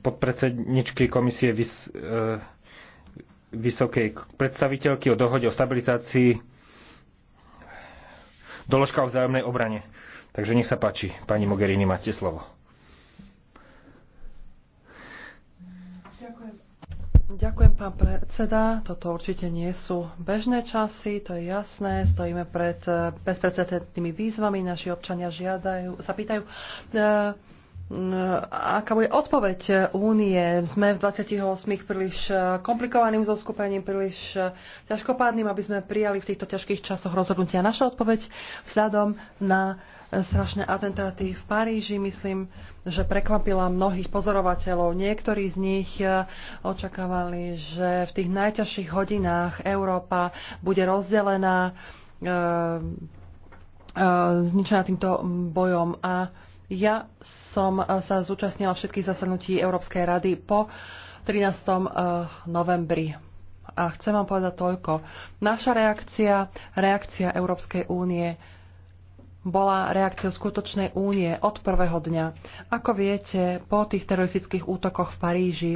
podpredsedničky komisie vys, e, vysokej predstaviteľky o dohode o stabilizácii doložka o vzájomnej obrane. Takže nech sa páči, pani Mogherini, máte slovo. Ďakujem. Ďakujem, pán predseda. Toto určite nie sú bežné časy, to je jasné. Stojíme pred e, bezprecedentnými výzvami. Naši občania žiadajú, sa pýtajú, e Ehm, aká bude odpoveď únie. Sme v 28 príliš eh, komplikovaným zoskupením, príliš eh, ťažkopádnym, aby sme prijali v týchto ťažkých časoch rozhodnutia. Naša odpoveď vzhľadom na eh, strašné atentáty v Paríži, myslím, že prekvapila mnohých pozorovateľov. Niektorí z nich očakávali, že v tých najťažších hodinách Európa bude rozdelená, ehm, zničená týmto bojom a ja som e, sa zúčastnila všetkých zasadnutí Európskej rady po 13. E, novembri. A chcem vám povedať toľko. Naša reakcia, reakcia Európskej únie bola reakciou skutočnej únie od prvého dňa. Ako viete, po tých teroristických útokoch v Paríži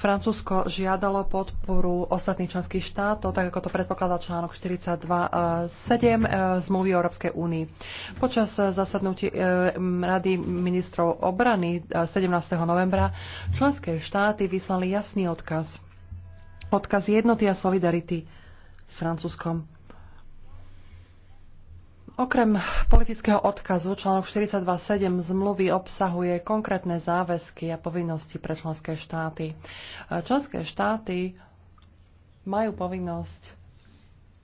Francúzsko žiadalo podporu ostatných členských štátov, tak ako to predpokladá článok 42.7 eh, eh, zmluvy Európskej únii. Počas eh, zasadnutí Rady ministrov obrany 17. novembra členské štáty vyslali jasný odkaz. Odkaz jednoty a solidarity s Francúzskom Okrem politického odkazu článok 42.7 zmluvy obsahuje konkrétne záväzky a povinnosti pre členské štáty. Členské štáty majú povinnosť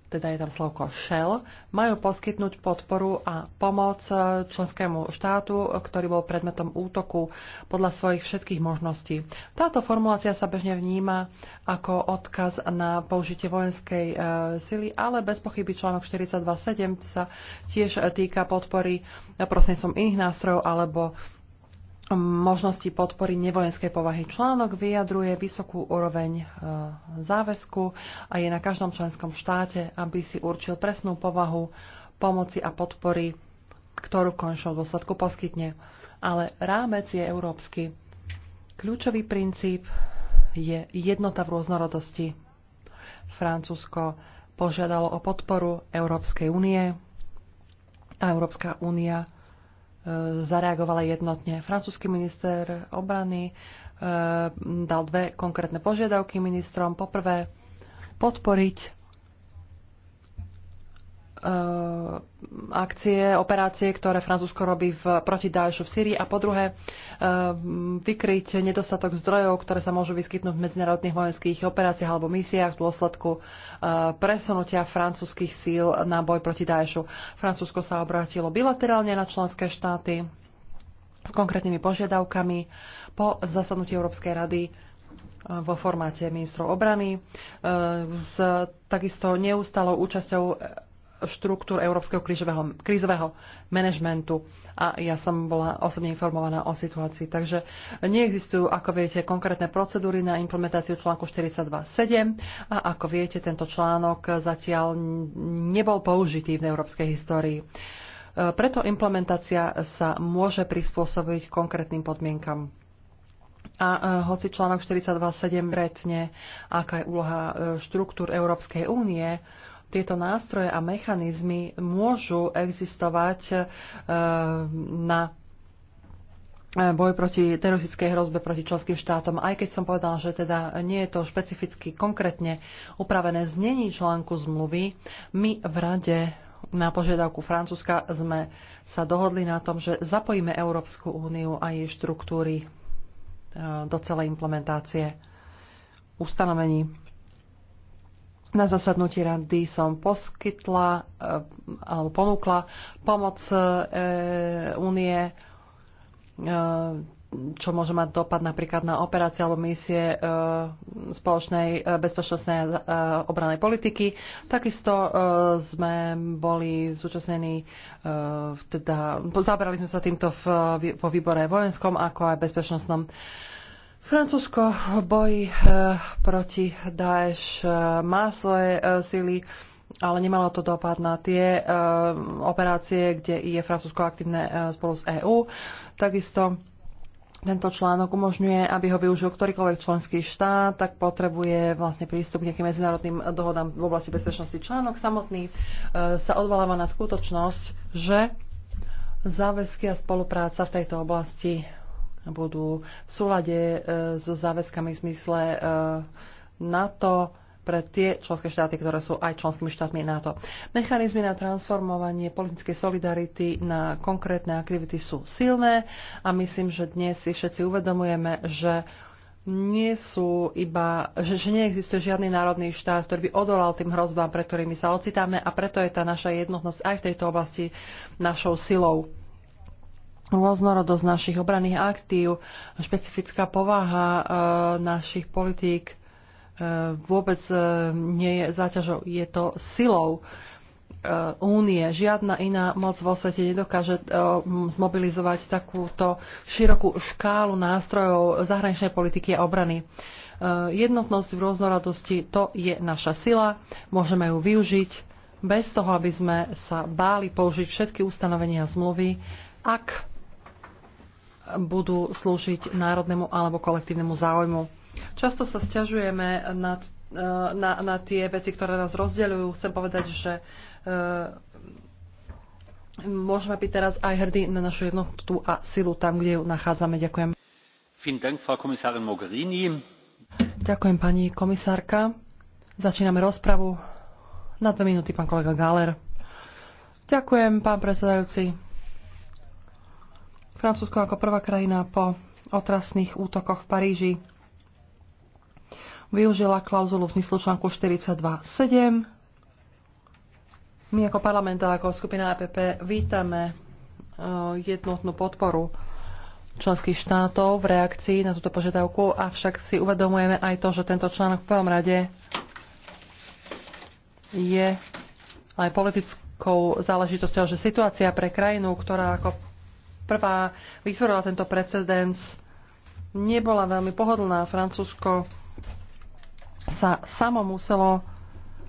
teda je tam slovko Shell, majú poskytnúť podporu a pomoc e, členskému štátu, ktorý bol predmetom útoku podľa svojich všetkých možností. Táto formulácia sa bežne vníma ako odkaz na použitie vojenskej e, sily, ale bez pochyby článok 42.7 sa tiež e, týka podpory prostredníctvom iných nástrojov alebo možnosti podpory nevojenskej povahy. Článok vyjadruje vysokú úroveň e, záväzku a je na každom členskom štáte, aby si určil presnú povahu pomoci a podpory, ktorú v končnom dôsledku poskytne. Ale rámec je európsky. Kľúčový princíp je jednota v rôznorodosti. Francúzsko požiadalo o podporu Európskej únie a Európska únia zareagovala jednotne. Francúzsky minister obrany e, dal dve konkrétne požiadavky ministrom. Poprvé, podporiť Eh, akcie, operácie, ktoré Francúzsko robí v, proti Daešu v Syrii a po druhé eh, vykryť nedostatok zdrojov, ktoré sa môžu vyskytnúť v medzinárodných vojenských operáciách alebo misiách v dôsledku eh, presunutia francúzskych síl na boj proti Daešu. Francúzsko sa obrátilo bilaterálne na členské štáty s konkrétnymi požiadavkami po zasadnutí Európskej rady vo formáte ministrov obrany s takisto neustalou účasťou štruktúr Európskeho krízového, krízového manažmentu a ja som bola osobne informovaná o situácii. Takže neexistujú, ako viete, konkrétne procedúry na implementáciu článku 42.7 a ako viete, tento článok zatiaľ nebol použitý v európskej histórii. Preto implementácia sa môže prispôsobiť konkrétnym podmienkam. A e, hoci článok 42.7 retne, aká je úloha e, štruktúr Európskej únie, tieto nástroje a mechanizmy môžu existovať e, na e, boj proti teroristickej hrozbe proti členským štátom, aj keď som povedal, že teda nie je to špecificky konkrétne upravené znení článku zmluvy, my v Rade na požiadavku Francúzska sme sa dohodli na tom, že zapojíme Európsku úniu a jej štruktúry e, do celej implementácie ustanovení na zasadnutí rady som poskytla eh, alebo ponúkla pomoc únie, eh, eh, čo môže mať dopad napríklad na operácie alebo misie spoločnej bezpečnostnej a obranej politiky. Takisto sme boli zúčastnení, teda zabrali sme sa týmto vo výbore vojenskom ako aj bezpečnostnom. Francúzsko boji eh, proti Daesh eh, má svoje eh, sily, ale nemalo to dopad na tie operácie, kde je Francúzsko aktívne spolu s EÚ. Takisto tento článok umožňuje, aby ho využil ktorýkoľvek členský štát, tak potrebuje vlastne prístup k nejakým medzinárodným dohodám v oblasti bezpečnosti. Článok samotný sa odvoláva na skutočnosť, že záväzky a spolupráca v tejto oblasti budú v súlade e, so záväzkami v zmysle e, NATO pre tie členské štáty, ktoré sú aj členskými štátmi NATO. Mechanizmy na transformovanie politickej solidarity na konkrétne aktivity sú silné a myslím, že dnes si všetci uvedomujeme, že nie sú iba, že, že neexistuje žiadny národný štát, ktorý by odolal tým hrozbám, pre ktorými sa ocitáme a preto je tá naša jednotnosť aj v tejto oblasti našou silou rôznorodosť našich obranných aktív, špecifická povaha e, našich politík e, vôbec e, nie je záťažou, je to silou únie. Žiadna iná moc vo svete nedokáže zmobilizovať takúto širokú škálu nástrojov zahraničnej politiky a obrany. Jednotnosť v rôznorodosti to je naša sila, môžeme ju využiť bez toho, aby sme sa báli použiť všetky ustanovenia zmluvy, ak budú slúžiť národnému alebo kolektívnemu záujmu. Často sa stiažujeme na, eh, na, na tie veci, ktoré nás rozdeľujú. Chcem povedať, že eh, môžeme byť teraz aj hrdí na našu jednotu a silu tam, kde ju nachádzame. Ďakujem. Ďakujem pani komisárka. Začíname rozpravu. Na dve minúty pán kolega Galer. Ďakujem, pán predsedajúci. Francúzsko ako prvá krajina po otrasných útokoch v Paríži využila klauzulu v zmyslu článku 42.7. My ako parlament a ako skupina APP e vítame e, jednotnú podporu členských štátov v reakcii na túto požiadavku, avšak si uvedomujeme aj to, že tento článok v prvom rade je aj politickou záležitosťou, že situácia pre krajinu, ktorá ako prvá vytvorila tento precedens, nebola veľmi pohodlná. Francúzsko sa samo muselo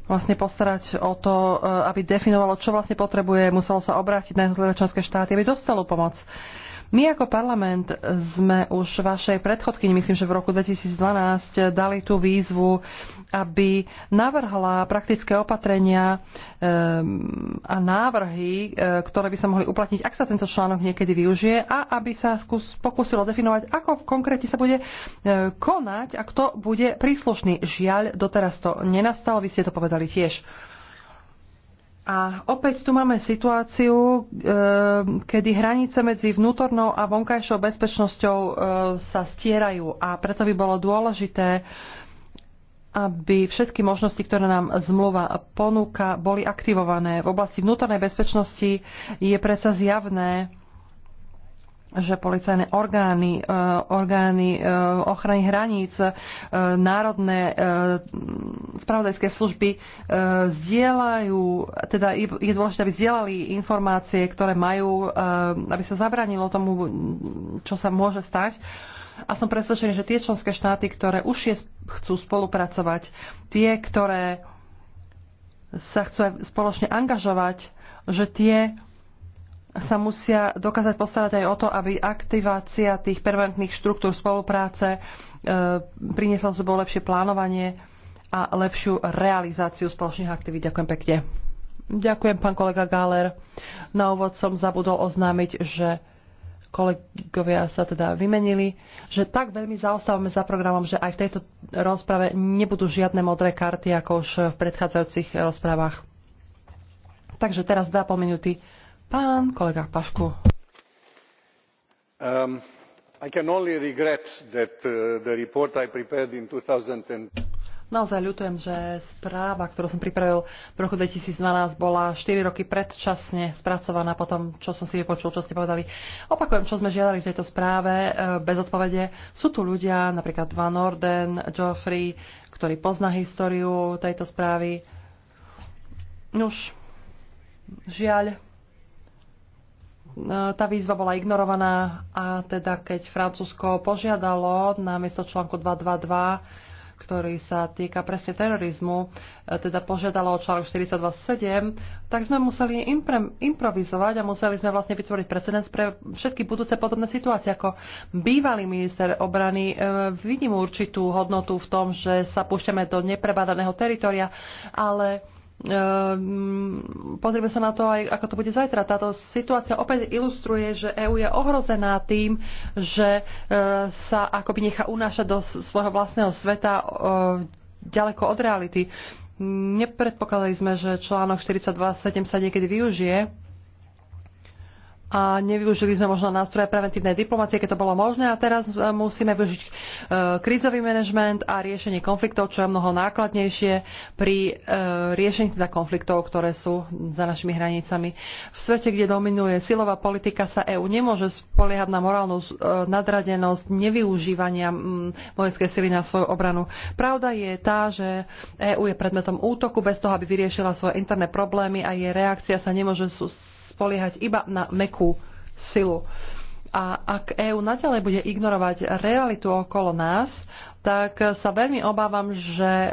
vlastne postarať o to, e, aby definovalo, čo vlastne potrebuje, muselo sa obrátiť na jednotlivé členské štáty, aby dostalo pomoc. Uh, my ako parlament sme už vašej predchodkyni, myslím, že v roku 2012, dali tú výzvu, aby navrhla praktické opatrenia ehm, a návrhy, e, ktoré by sa mohli uplatniť, ak sa tento článok niekedy využije a aby sa pokúsilo definovať, ako konkrétne sa bude e, konať a kto bude príslušný. Žiaľ, doteraz to nenastalo, vy ste to povedali tiež. A opäť tu máme situáciu, e, kedy hranice medzi vnútornou a vonkajšou bezpečnosťou e, sa stierajú a preto by bolo dôležité, aby všetky možnosti, ktoré nám zmluva ponúka, boli aktivované. V oblasti vnútornej bezpečnosti je predsa zjavné, že policajné orgány, e, orgány e, ochrany hraníc, e, národné spravodajské služby zdieľajú, teda je dôležité, aby zdieľali informácie, ktoré majú, aby sa zabranilo tomu, čo sa môže stať. A som presvedčený, že tie členské štáty, ktoré už je, chcú spolupracovať, tie, ktoré sa chcú spoločne angažovať, že tie sa musia dokázať postarať aj o to, aby aktivácia tých permanentných štruktúr spolupráce e, priniesla sebou lepšie plánovanie a lepšiu realizáciu spoločných aktivít. Ďakujem pekne. Ďakujem, pán kolega Gáler. Na úvod som zabudol oznámiť, že kolegovia sa teda vymenili, že tak veľmi zaostávame za programom, že aj v tejto rozprave nebudú žiadne modré karty, ako už v predchádzajúcich rozprávach. Takže teraz 2,5 minúty Pán kolega Pašku. Um, I can only regret that uh, the report I prepared in 2010 naozaj ľutujem, že správa, ktorú som pripravil v roku 2012, bola 4 roky predčasne spracovaná po tom, čo som si vypočul, čo ste povedali. Opakujem, čo sme žiadali v tejto správe uh, bez odpovede. Sú tu ľudia, napríklad Van Orden, geoffrey ktorý pozná históriu tejto správy. Nuž, žiaľ, tá výzva bola ignorovaná a teda keď Francúzsko požiadalo na miesto článku 222 ktorý sa týka presne terorizmu, e, teda požiadalo o článok 427, tak sme museli impre, improvizovať a museli sme vlastne vytvoriť precedens pre všetky budúce podobné situácie. Ako bývalý minister obrany e, vidím určitú hodnotu v tom, že sa púšťame do neprebadaného teritoria, ale Ehm, pozrieme sa na to aj, ako to bude zajtra. Táto situácia opäť ilustruje, že EÚ je ohrozená tým, že e, sa akoby nechá unášať do svojho vlastného sveta e, ďaleko od reality. Nepredpokladali sme, že článok 42.7 sa niekedy využije a nevyužili sme možno nástroje preventívnej diplomácie, keď to bolo možné a teraz e, musíme využiť e, krízový manažment a riešenie konfliktov, čo je mnoho nákladnejšie pri e, riešení teda konfliktov, ktoré sú za našimi hranicami. V svete, kde dominuje silová politika, sa EÚ nemôže spoliehať na morálnu e, nadradenosť nevyužívania vojenskej sily na svoju obranu. Pravda je tá, že EÚ je predmetom útoku bez toho, aby vyriešila svoje interné problémy a jej reakcia sa nemôže spoliehať iba na mekú silu. A ak EÚ naďalej bude ignorovať realitu okolo nás, tak sa veľmi obávam, že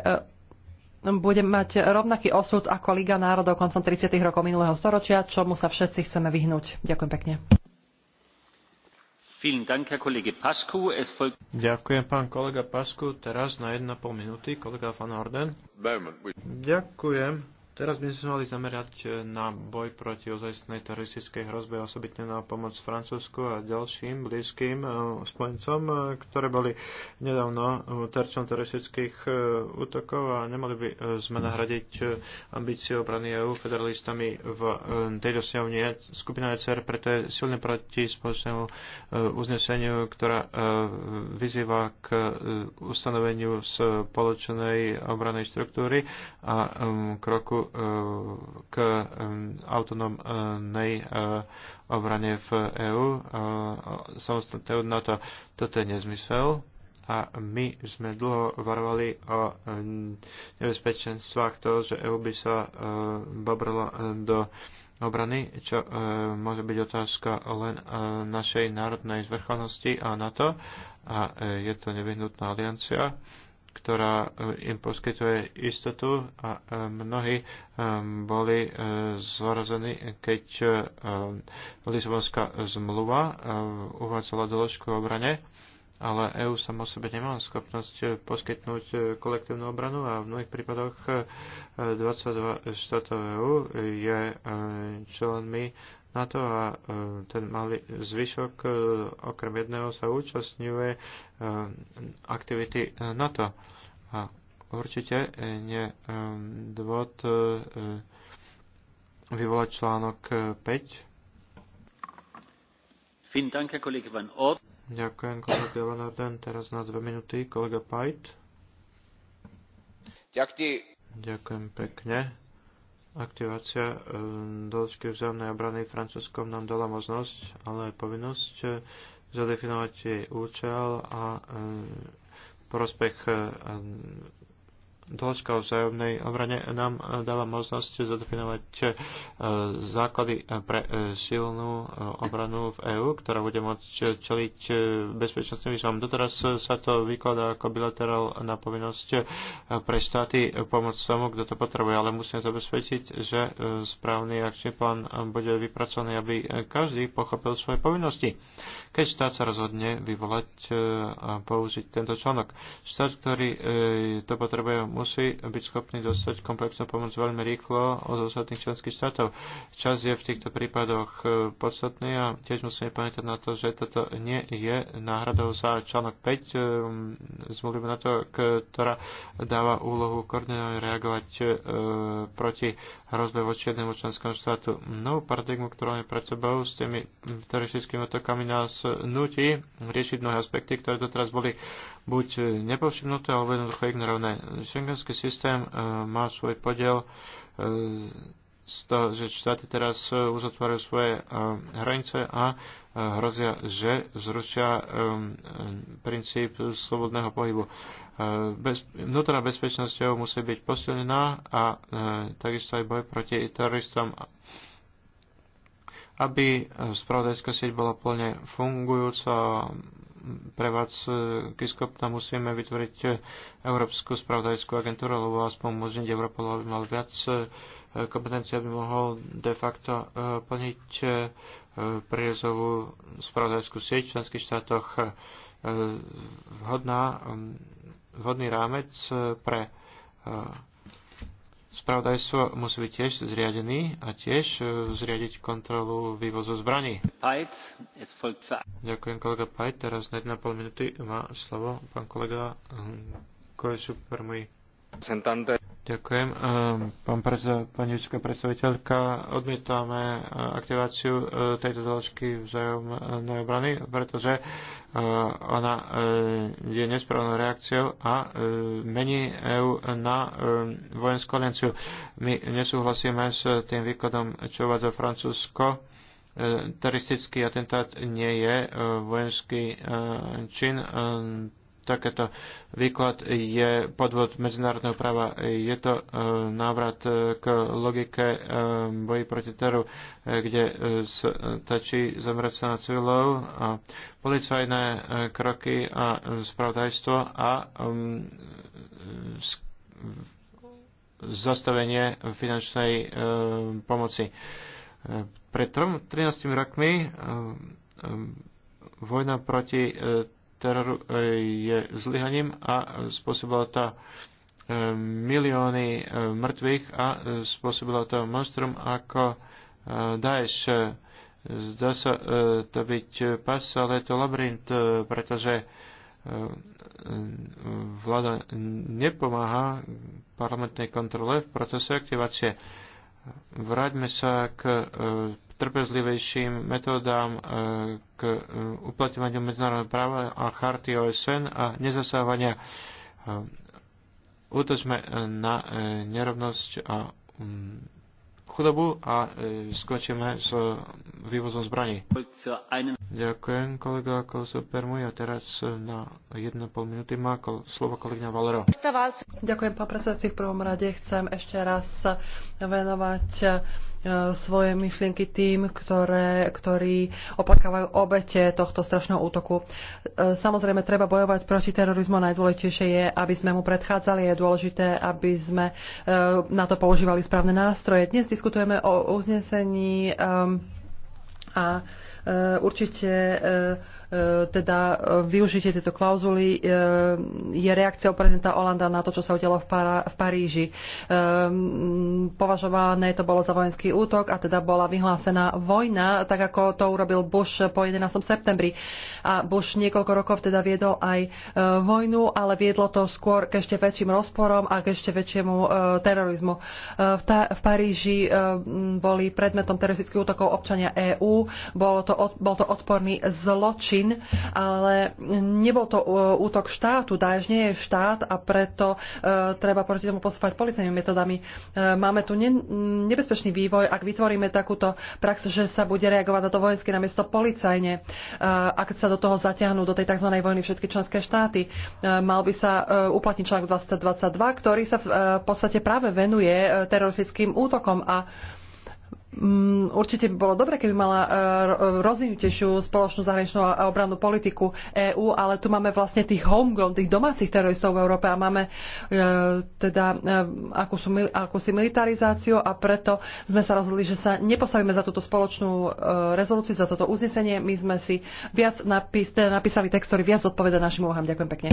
e, bude mať rovnaký osud ako Liga národov koncom 30. rokov minulého storočia, čomu sa všetci chceme vyhnúť. Ďakujem pekne. Ďakujem, pán kolega Pasku. Teraz na 1,5 minúty kolega Van Orden. Ďakujem. Teraz by sme sa mali zamerať e, na boj proti ozajstnej teroristickej hrozbe, osobitne na pomoc Francúzsku a ďalším blízkym e, spojencom, e, ktoré boli nedávno terčom teroristických útokov a nemali by sme nahradiť ambície obrany EU federalistami v tejto sňovni. Skupina ECR preto je silne proti spoločnému uzneseniu, ktorá vyzýva k ustanoveniu spoločnej obranej štruktúry a kroku k autonómnej e, obrane v EÚ, e, samostatného NATO. Toto je nezmysel a my sme dlho varovali o nebezpečenstvách toho, že EU by sa e, babrala do obrany, čo môže byť otázka len našej národnej zvrchovanosti a NATO a je to nevyhnutná aliancia ktorá eh, im poskytuje istotu a eh, mnohí eh, boli zorazení, keď Lisbonská zmluva uvádzala doložku obrane, ale EÚ samo sebe nemá schopnosť poskytnúť kolektívnu obranu a v mnohých prípadoch 22 štátov EÚ je členmi na to a e, ten malý zvyšok e, okrem jedného sa účastňuje e, aktivity NATO. A určite nie dôvod vyvolať článok 5. Van Ort. Ďakujem, kolega Van Orden. Teraz na dve minúty, kolega Pajt. Ďakujem pekne aktivácia e, doložky vzájomnej obrany francúzskom nám dala možnosť, ale aj povinnosť e, zadefinovať jej účel a e, prospech dĺžka vzájomnej obrane nám e, dáva možnosť zadefinovať e, základy e, pre silnú obranu v EÚ, ktorá bude môcť čeliť bezpečnostným výzvam. Doteraz sa to vykladá ako bilaterál na povinnosť pre štáty pomôcť tomu, kto to potrebuje, ale musíme zabezpečiť, že správny akčný plán bude vypracovaný, aby každý pochopil svoje povinnosti. Keď štát sa rozhodne vyvolať a použiť tento článok, štát, ktorý to potrebuje, musí byť schopný dostať komplexnú pomoc veľmi rýchlo od ostatných členských štátov. Čas je v týchto prípadoch e, podstatný a tiež musíme pamätať na to, že toto nie je náhradou za článok 5 e, zmluvy na to, ktorá dáva úlohu koordinovať reagovať e, proti hrozbe voči jednému členskému štátu. Novú paradigmu, ktorú máme pred sebou s tými teroristickými otokami nás nutí riešiť mnohé aspekty, ktoré doteraz boli buď nepovšimnuté alebo jednoducho ignorované. Schengenský systém e, má svoj podiel e, z toho, že štáty teraz už otvárajú svoje e, hranice a hrozia, že zrušia princíp slobodného pohybu. Bez, vnútorná bezpečnosťou musí byť posilnená a takisto aj boj proti teroristom aby spravodajská sieť bola plne fungujúca, pre e, Kiskop, tam musíme vytvoriť e, Európsku spravodajskú agentúru, alebo aspoň umožniť Europol, aby mal viac e, kompetencií, aby mohol de facto plniť prírezovú spravodajskú sieť v členských štátoch vhodná, vhodný rámec pre spravodajstvo musí byť tiež zriadený a tiež e, zriadiť kontrolu vývozu zbraní. Ďakujem kolega Pajt. Teraz na 1,5 minúty má slovo pán kolega hm, prvý. Sentante. Ďakujem. Ehm, pán predseda, pani vysoká predstaviteľka, odmietame e, aktiváciu e, tejto doložky vzájomnej e, obrany, pretože ona je nesprávnou reakciou a mení EU na vojenskú alianciu. My nesúhlasíme s tým výkladom, čo uvádza Francúzsko teroristický atentát nie je vojenský čin takéto výklad je podvod medzinárodného práva. Je to e, návrat e, k logike e, boji proti teru, kde stačí zamrať sa na civilov a policajné kroky a spravodajstvo a um, zastavenie finančnej pomoci. Pred 13 rokmi vojna proti teroru e, je zlyhaním a spôsobila to e, milióny e, mŕtvych a spôsobila to monstrum ako Daesh. Zdá sa to byť pas, ale je to labyrint, pretože vláda nepomáha parlamentnej kontrole v procese aktivácie. Vráťme sa k trpezlivejším metódám e, k e, uplatňovaniu medzinárodného práva a charty OSN a nezasávania. E, útočme na nerovnosť a mm, chudobu a skončíme s vývozom zbraní. Ďakujem kolega Kolso Permuj a teraz na 1,5 minúty má slovo kolegyňa Valero. Ďakujem pán predsedci. V prvom rade chcem ešte raz venovať E, svoje myšlienky tým, ktoré, ktorí opakávajú obete tohto strašného útoku. E, samozrejme, treba bojovať proti terorizmu. Najdôležitejšie je, aby sme mu predchádzali. Je dôležité, aby sme e, na to používali správne nástroje. Dnes diskutujeme o uznesení a určite E, teda e, využitie tejto klauzuly e, je reakciou prezidenta Olanda na to, čo sa udialo v, Pará- v Paríži. Považované to bolo za vojenský útok a teda bola vyhlásená vojna, tak ako to urobil Bush po 11. septembri. A Bush niekoľko rokov teda viedol aj vojnu, ale viedlo to skôr k ešte väčším rozporom a k ešte väčšiemu terorizmu. V, ta- v Paríži boli predmetom teroristických útokov občania EÚ. Bol to, bol to odporný zločin skupín, ale nebol to e, útok štátu. Daesh nie je štát a preto e, treba proti tomu postupovať policajnými metodami. E, máme tu nebezpečný vývoj, ak vytvoríme takúto prax, že sa bude reagovať na to vojensky namiesto policajne, ak sa do toho zaťahnú do tej tzv. vojny všetky členské štáty. Mal by sa uplatniť článok 2022, ktorý sa v podstate práve venuje teroristickým útokom a Mm, určite by bolo dobre, keby mala e, rozvinutejšiu spoločnú zahraničnú a obrannú politiku EÚ, ale tu máme vlastne tých homegrown, tých domácich teroristov v Európe a máme e, teda e, akúsi, militarizáciu a preto sme sa rozhodli, že sa nepostavíme za túto spoločnú rezolúciu, za toto uznesenie. My sme si viac napis, teda napísali text, ktorý viac odpoveda našim úvahám. Ďakujem pekne.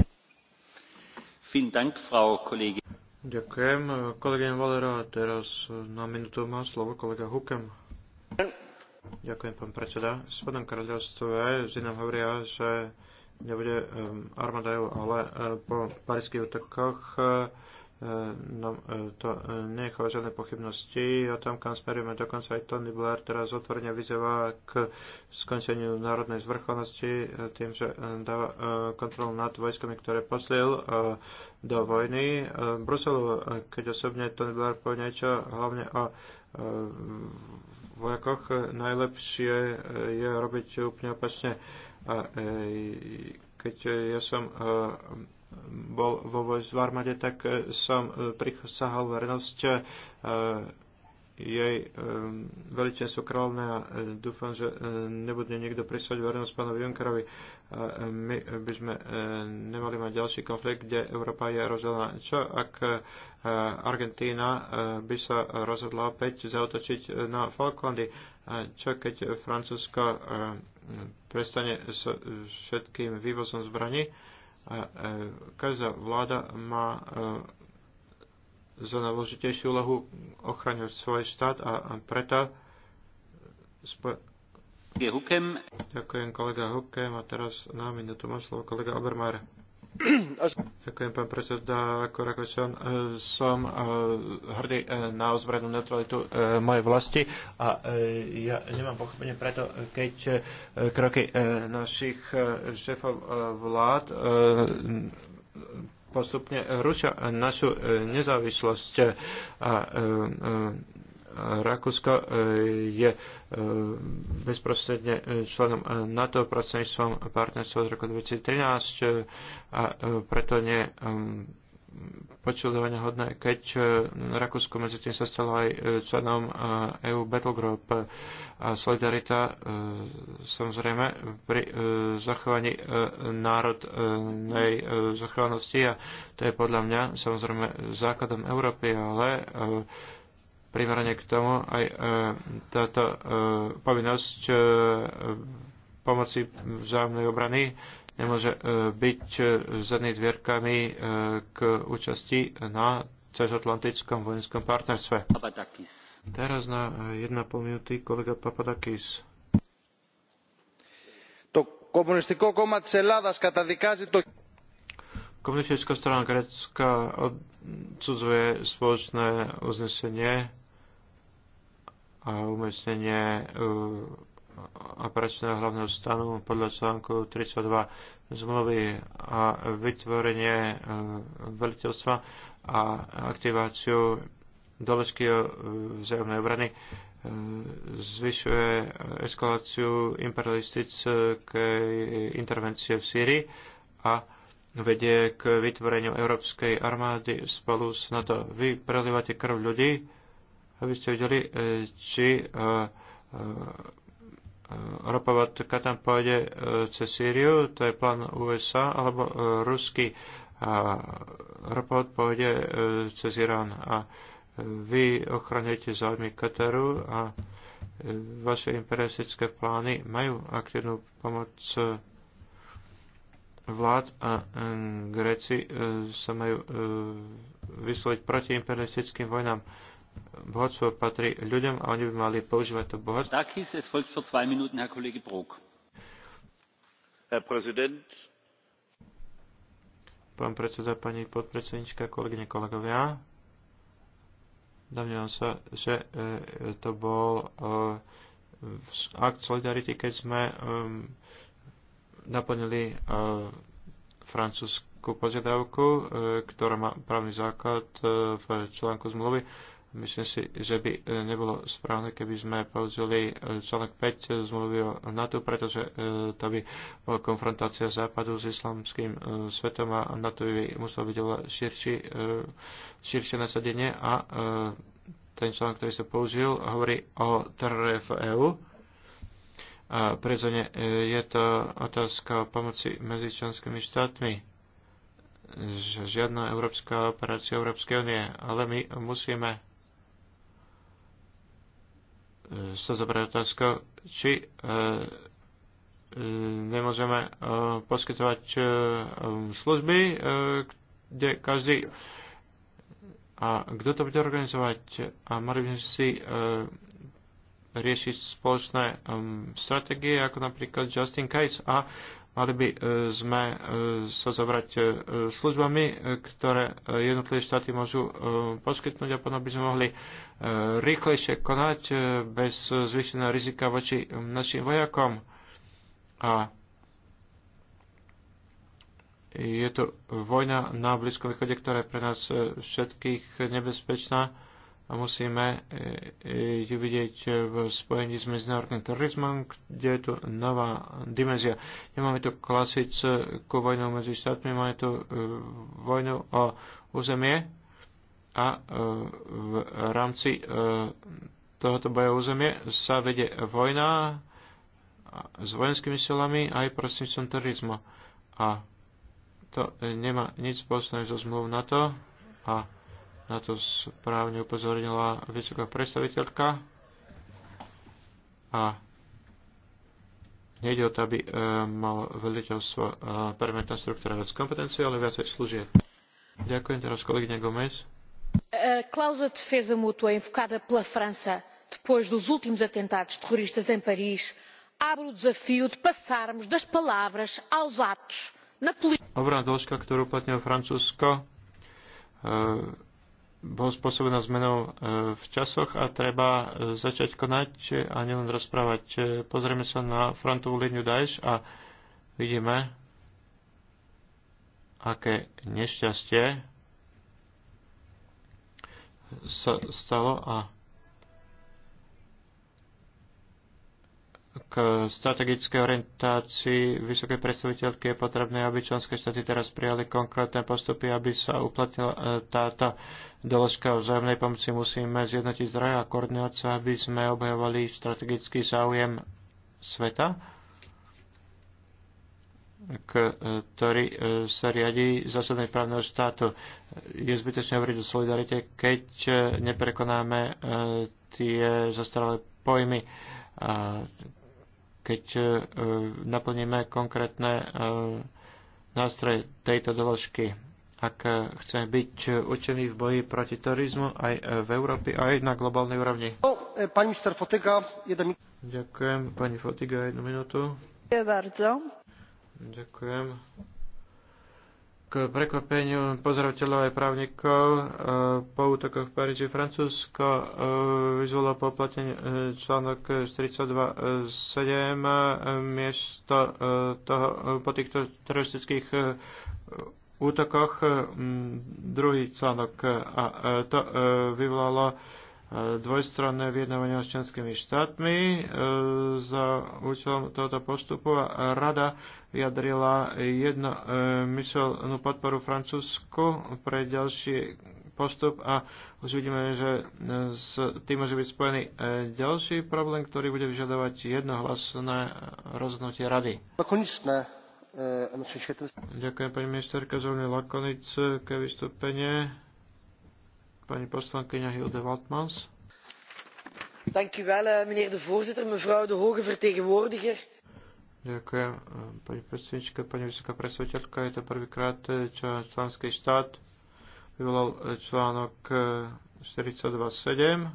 Vielen Dank, Frau Kollegin. Ďakujem. Kolegyňa Valera, teraz na minútu má slovo kolega Hukem. Ďakujem, pán predseda. V Spodnom kráľovstve z nám hovoria, že nebude um, armáda, ale uh, po parických útokoch uh, no, to e, nechal žiadne pochybnosti o tom, kam smerujeme. Dokonca aj Tony Blair teraz otvorene vyzýva k skončeniu národnej zvrchovnosti e, tým, že e, dáva kontrolu nad vojskami, ktoré poslil do vojny Bruselu. Keď osobne Tony Blair povie niečo hlavne o vojakoch, najlepšie je robiť úplne opačne. A keď ja som bol vo v armáde, tak e, som e, prisahal vernosť e, jej veličenstvo kráľovné a dúfam, že nebude niekto prisať vernosť pánovi Junckerovi. My by sme nemali mať ďalší konflikt, kde Európa je rozdelená. Čo ak Argentína by sa rozhodla opäť zautočiť na Falklandy? Čo keď Francúzsko prestane s všetkým vývozom zbraní? E, každá vláda má e, za najdôležitejšiu úlohu ochraňovať svoj štát a preto spo... Ďakujem kolega Hukem a teraz na minútu má slovo kolega Obermeier. Ďakujem, pán predseda Korakošan. E, som e, hrdý e, na ozbrojenú neutralitu mojej vlasti a ja nemám pochopenie preto, keď kroky našich šéfov vlád postupne rušia našu nezávislosť a Rakúsko e, je e, bezprostredne e, členom NATO prostredníctvom partnerstva z roku 2013 a preto nie počudovania hodné, keď Rakúsko medzi tým sa stalo aj členom EU Battle Group a Solidarita samozrejme pri zachovaní národnej zachovanosti a to je podľa mňa samozrejme základom Európy, ale primerane k tomu aj e, táto e, povinnosť e, pomoci vzájomnej obrany nemôže e, byť e, zadnými dvierkami e, k účasti na cezatlantickom vojenskom partnerstve. Papadakis. Teraz na e, jedna pol minúty kolega Papadakis. To komunistické koma της Ελλάδας to... Komunistická strana Grécka odsudzuje spoločné uznesenie a umiestnenie eh, operačného hlavného stanu podľa článku 32 zmluvy a vytvorenie eh, veliteľstva a aktiváciu doležky o eh, vzájomnej obrany zvyšuje eskaláciu imperialistickej intervencie v Sýrii a vedie k vytvoreniu Európskej armády spolu s NATO. Vy prelivate krv ľudí, aby ste vedeli, e, či e, e, ropa vatka tam pôjde cez Sýriu, to je plán USA, alebo ruský ropovod pôjde cez Irán. A vy ochraňujete záujmy Kataru a vaše imperialistické plány majú aktívnu pomoc vlád a Gréci sa majú vysloviť proti imperialistickým vojnám bohatstvo patrí ľuďom a oni by mali používať to bohatstvo. Pán predseda, pani podpredsednička, kolegyne, kolegovia, domnievam sa, že e, to bol e, akt solidarity, keď sme e, naplnili francúzsku požiadavku, ktorá má právny základ v článku zmluvy Myslím si, že by e, nebolo správne, keby sme použili e, článok 5 zmluvy o NATO, pretože e, to by bola konfrontácia západu s islamským svetom a NATO by muselo byť oveľa širší, širšie nasadenie a ten článok, ktorý sa použil, hovorí o terore v EÚ. A je to otázka o pomoci medzi členskými štátmi žiadna európska operácia Európskej únie, ale my musíme sa zobrať otázka, či e, e, nemôžeme e, poskytovať e, služby, e, kde každý a kto to bude organizovať a mali by sme si e, riešiť spoločné e, stratégie, ako napríklad Justin Case a e, Mali by e, sme e, sa zobrať e, službami, ktoré jednotlivé štáty môžu poskytnúť a potom by sme mohli rýchlejšie konať bez zvýšeného rizika voči našim vojakom. A je to vojna na Blízkom východe, ktorá je pre nás všetkých nebezpečná a musíme ju e, e, vidieť v spojení s medzinárodným terorizmom, kde je tu nová dimenzia. Nemáme tu klasickú e, vojnu medzi štátmi, máme tu vojnu o územie a v rámci tohoto boja územie sa vedie vojna s vojenskými silami aj prostredníctvom terorizmu. A to nemá nič spoločné so zmluvou to. a na to správne upozornila vysoká predstaviteľka. A nejde o to, aby e, mal veliteľstvo e, permanentná struktúra viac kompetencie, ale viacej služieb. Ďakujem teraz kolegyne Gomez. E, e, a cláusula de defesa mútua invocada pela França depois dos últimos atentados terroristas em Paris abre o desafio de passarmos das palavras aos atos na política. Obrana dĺžka, ktorú uplatňuje Francúzsko, e, bol spôsobená zmenou e, v časoch a treba e, začať konať a nielen rozprávať. E, pozrieme sa na frontovú líniu Daesh a vidíme, aké nešťastie sa stalo a k strategickej orientácii vysokej predstaviteľky je potrebné, aby členské štáty teraz prijali konkrétne postupy, aby sa uplatnila e, táto doložka o vzájomnej pomoci. Musíme zjednotiť zdroje a koordinácia, aby sme obhajovali strategický záujem sveta, e, ktorý e, sa riadi zásadnej právneho štátu. Je zbytočné hovoriť o solidarite, keď neprekonáme tie zastaralé pojmy keď e, naplníme konkrétne e, nástroje tejto doložky. Ak e, chceme byť učení v boji proti terorizmu aj v Európe, aj na globálnej úrovni. No, pani minister Fotiga, jeden... minút. Ďakujem, pani Fotiga, jednu minútu. Ďakujem bardzo. Ďakujem k prekvapeniu pozdravteľov aj právnikov e, po útokoch v Paríži Francúzsko e, vyzvolo poplatenie článok 42.7 e, miesto toho, po týchto teroristických útokoch druhý článok a to vyvolalo dvojstranné vyjednávania s členskými štátmi e, za účelom tohoto postupu a rada vyjadrila e, myselnú podporu Francúzsku pre ďalší postup a už vidíme, že e, s tým môže byť spojený ďalší problém, ktorý bude vyžadovať jednohlasné rozhodnutie rady. Ďakujem pani ministerka za veľmi lakonické vystúpenie pani poslankyňa Hilde Waltmans. Eh, Ďakujem, eh, pani predsednička, pani vysoká predstaviteľka. Je to prvýkrát, eh, čo členský štát vyvolal článok 42.7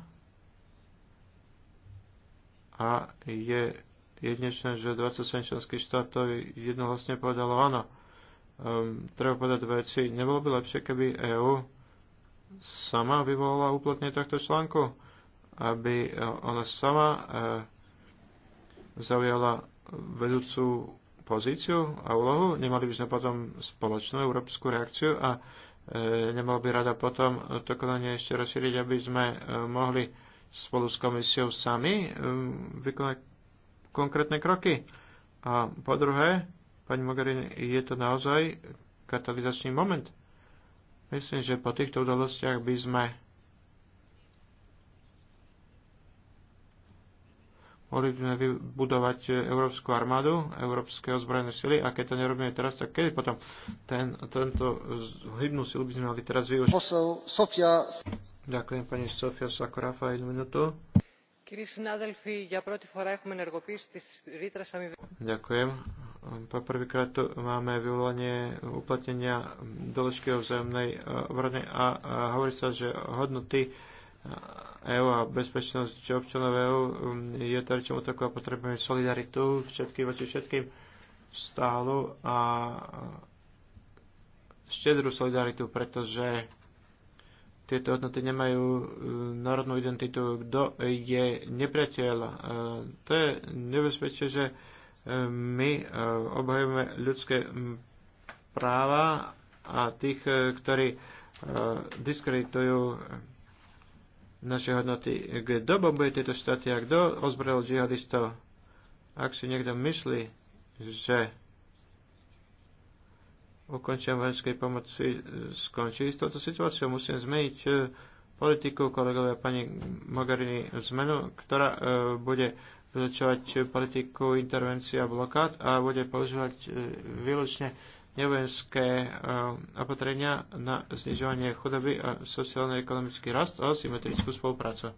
a je jedinečné, že 27 členských štátov jednohlasne povedalo áno. Um, treba povedať dve veci, nebolo by lepšie, keby EÚ sama vyvolala úplne tohto článku, aby ona sama eh, zaujala vedúcu pozíciu a úlohu. Nemali by sme potom spoločnú európsku reakciu a eh, nemal by rada potom to konanie ešte rozšíriť, aby sme eh, mohli spolu s komisiou sami vykonať konkrétne kroky. A po druhé, pani Mogherini, je to naozaj katalizačný moment Myslím, že po týchto udalostiach by sme mohli by sme vybudovať Európsku armádu, Európske ozbrojené sily a keď to nerobíme teraz, tak kedy potom ten, tento hybnú silu by sme mali teraz využiť? Ďakujem pani Sofia Sakorafa, jednu minútu. Poprvýkrát tu máme vyvolanie uplatnenia doložky o vzájomnej e, obrane a hovorí sa, že hodnoty EÚ e a bezpečnosť občanov EÚ je terčom útoku a potrebujeme solidaritu všetkým voči všetkým stálu a e, štedrú solidaritu, pretože tieto hodnoty nemajú e, národnú identitu, kto je nepriateľ. E, to je nebezpečie, že e, my obhajujeme ľudské práva a tých, ktorí diskreditujú naše hodnoty. Kto bombuje tieto štáty a kto ozbrojil džihadistov? Ak si niekto myslí, že ukončenia vojenskej pomoci e, skončí s touto situáciou. Musím zmeniť e, politiku, kolegovia pani Mogherini, zmenu, ktorá e, bude začovať politiku intervencia a blokát a bude používať e, výlučne nevojenské e, opatrenia na znižovanie chudoby a sociálno-ekonomický rast a symetrickú spoluprácu.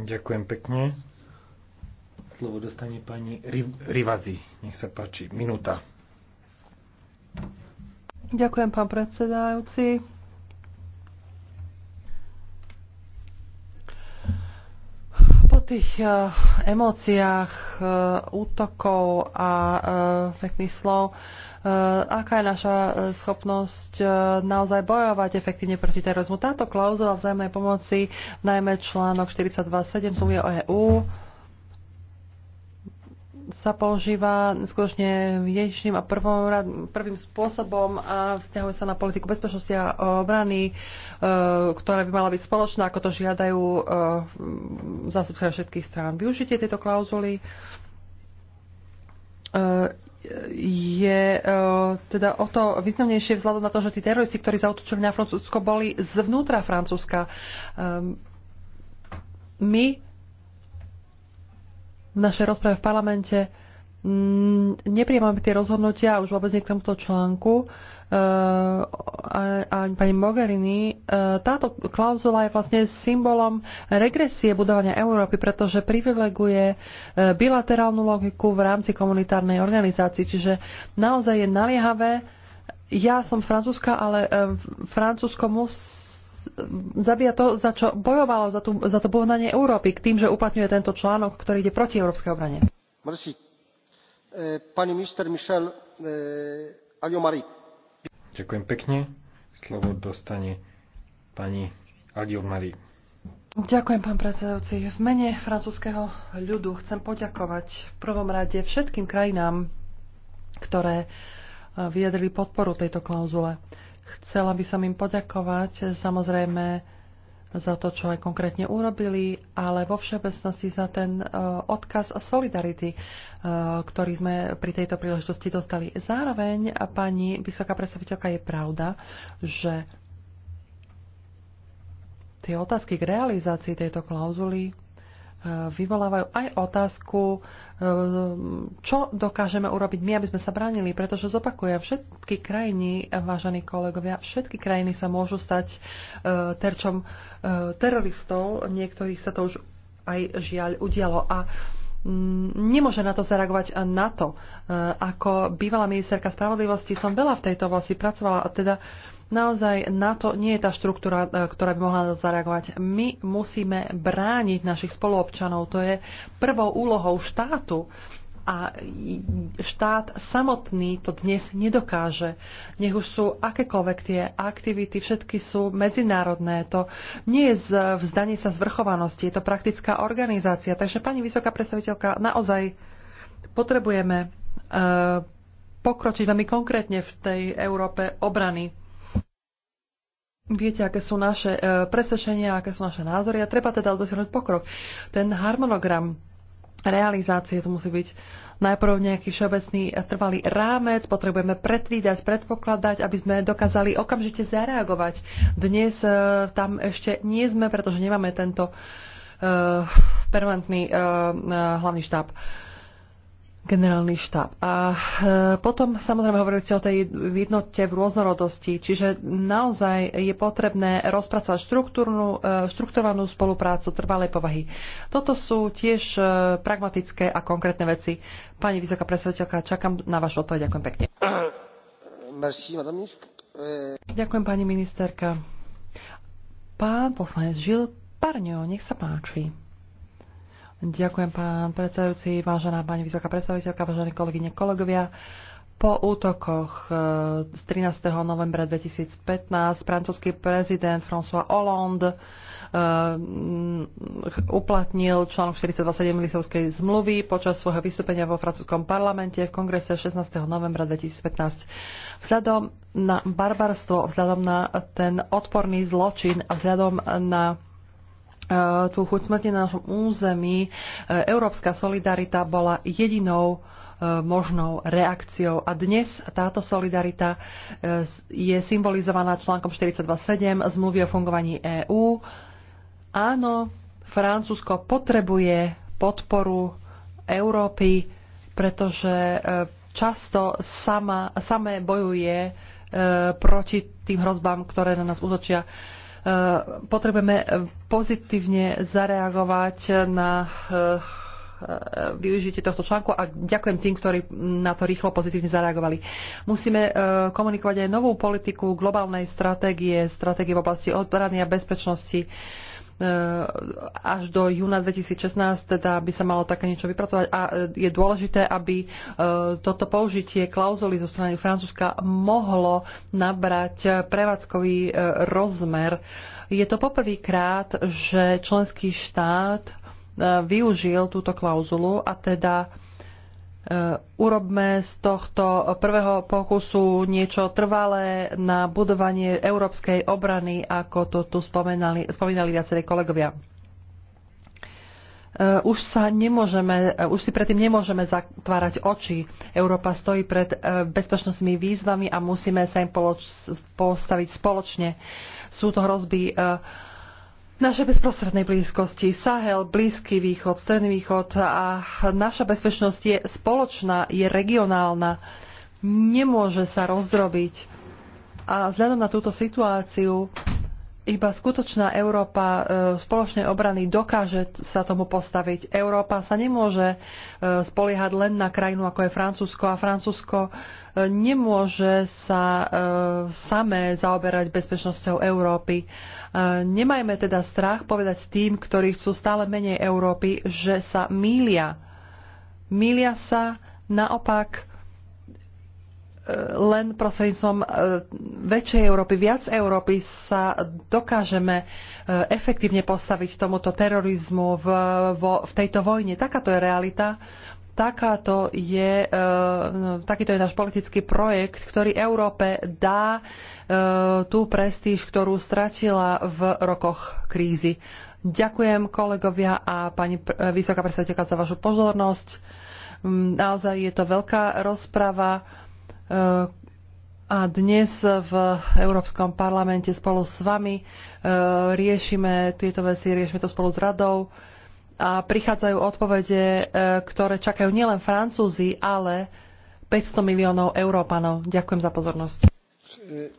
Ďakujem pekne. Slovo dostane pani Rivazi. Nech sa páči. Minúta. Ďakujem, pán predsedajúci. Po tých uh, emóciách, uh, útokov a uh, eh, pekných slov, uh, aká je naša schopnosť uh, naozaj bojovať efektívne proti terorizmu? Táto klauzula vzájomnej pomoci, najmä článok 42.7 zmluvy o EÚ, sa používa skutočne jedinečným a prvom, prvým spôsobom a vzťahuje sa na politiku bezpečnosti a obrany, e, ktorá by mala byť spoločná, ako to žiadajú e, zástupcovia všetkých strán. Využitie tejto klauzuly e, je teda o to významnejšie vzhľadom na to, že tí teroristi, ktorí zautočili na Francúzsko, boli zvnútra Francúzska. Ehm, my v našej rozprave v parlamente mm, nepríjmame tie rozhodnutia, už vôbec nie k tomuto článku. Eh, a pani Mogherini, eh, táto klauzula je vlastne symbolom regresie budovania Európy, pretože privileguje eh, bilaterálnu logiku v rámci komunitárnej organizácii. Čiže naozaj je naliehavé, ja som francúzska, ale Francúzsko musí zabíja to, za čo bojovalo, za, tú, za to pohnanie Európy, k tým, že uplatňuje tento článok, ktorý ide proti európskej obrane. Merci. Eh, pani minister Michel eh, Aliomari. Ďakujem pekne. Slovo dostane pani Aliomari. Ďakujem, pán predsedajúci. V mene francúzského ľudu chcem poďakovať v prvom rade všetkým krajinám, ktoré eh, vyjadrili podporu tejto klauzule. Chcela by som im poďakovať samozrejme za to, čo aj konkrétne urobili, ale vo všeobecnosti za ten e, odkaz solidarity, e, ktorý sme pri tejto príležitosti dostali. Zároveň, pani vysoká predstaviteľka, je pravda, že tie otázky k realizácii tejto klauzuly vyvolávajú aj otázku, e, čo dokážeme urobiť my, aby sme sa bránili, pretože zopakujem, všetky krajiny, vážení kolegovia, všetky krajiny sa môžu stať e, terčom e, teroristov, niektorých sa to už aj žiaľ udialo. A mm, nemôže na to zareagovať NATO. Ako bývalá ministerka spravodlivosti som veľa v tejto vlasti pracovala a teda uh, Naozaj na to nie je tá štruktúra, e, ktorá by mohla zareagovať. My musíme brániť našich spoluobčanov. To je prvou úlohou štátu a štát samotný to dnes nedokáže. Nech už sú akékoľvek tie aktivity, všetky sú medzinárodné. To nie je vzdanie sa zvrchovanosti, je to praktická organizácia. Takže pani vysoká predstaviteľka, naozaj potrebujeme uh, pokročiť veľmi konkrétne v tej Európe obrany. Viete, aké sú naše e, presvedčenia, aké sú naše názory a treba teda dosiahnuť pokrok. Ten harmonogram realizácie to musí byť najprv nejaký všeobecný trvalý rámec, potrebujeme predvídať, predpokladať, aby sme dokázali okamžite zareagovať. Dnes e, tam ešte nie sme, pretože nemáme tento e, permanentný e, e hlavný štáb. E, generálny štáb. A e, potom samozrejme hovorili ste o tej jednote v rôznorodosti, čiže naozaj je potrebné rozpracovať štruktúrovanú e, spoluprácu trvalej povahy. Toto sú tiež e, pragmatické a konkrétne veci. Pani vysoká predstaviteľka, čakám na vašu odpoveď. Ďakujem pekne. Ďakujem, pani ministerka. Pán poslanec Žil Parňo, nech sa páči. Ďakujem, pán predsedajúci, vážená pani vysoká predstaviteľka, vážení kolegyne, kolegovia. Po útokoch e, z 13. novembra 2015 francúzsky prezident François Hollande e, uplatnil článok 427 Lisovskej zmluvy počas svojho vystúpenia vo francúzskom parlamente v kongrese 16. novembra 2015. Vzhľadom na barbarstvo, vzhľadom na ten odporný zločin a vzhľadom na E, tú chuť smrti na našom území, e, európska solidarita bola jedinou e, možnou reakciou. A dnes táto solidarita je symbolizovaná článkom 42.7 zmluvy o fungovaní EÚ. Áno, Francúzsko potrebuje podporu Európy, pretože často sama, samé bojuje proti tým hrozbám, ktoré na nás útočia Eh, potrebujeme pozitívne zareagovať na eh, využitie tohto článku a ďakujem tým, ktorí na to rýchlo pozitívne zareagovali. Musíme eh, komunikovať aj novú politiku globálnej stratégie, stratégie v oblasti odbrany a bezpečnosti Eh, až do júna 2016 teda by sa malo také niečo vypracovať a eh, je dôležité, aby eh, toto použitie klauzuly zo strany Francúzska mohlo nabrať prevádzkový rozmer. Je to poprvýkrát, že členský štát využil túto klauzulu a teda Uh, urobme z tohto prvého pokusu niečo trvalé na budovanie európskej obrany, ako to tu spomínali, spomínali viacerí kolegovia. Uh, už, sa nemôžeme, uh, už si predtým nemôžeme zatvárať oči. Európa stojí pred bezpečnostnými výzvami a musíme sa im postaviť spoločne. Sú to hrozby uh, naše bezprostrednej blízkosti, Sahel, Blízky východ, Stredný východ a naša bezpečnosť je spoločná, je regionálna. Nemôže sa rozdrobiť. A vzhľadom na túto situáciu iba skutočná Európa e, spoločnej obrany dokáže sa tomu postaviť. Európa sa nemôže e, spoliehať len na krajinu, ako je Francúzsko. A Francúzsko e, nemôže sa samé zaoberať bezpečnosťou Európy. Nemajme teda strach povedať tým, ktorí chcú stále menej Európy, že sa mília. Mília sa naopak len prostredníctvom e, väčšej Európy, viac Európy sa dokážeme e, efektívne postaviť tomuto terorizmu v, vo, v tejto vojne. Takáto je realita. Takáto je, e, no, takýto je náš politický projekt, ktorý Európe dá tú prestíž, ktorú stratila v rokoch krízy. Ďakujem kolegovia a pani vysoká predstaviteľka za vašu pozornosť. Mm, naozaj je to veľká rozprava a dnes v Európskom parlamente spolu s vami e, riešime tieto veci, riešime to spolu s radou a prichádzajú odpovede, e, ktoré čakajú nielen Francúzi, ale 500 miliónov Európanov. Ďakujem za pozornosť. E,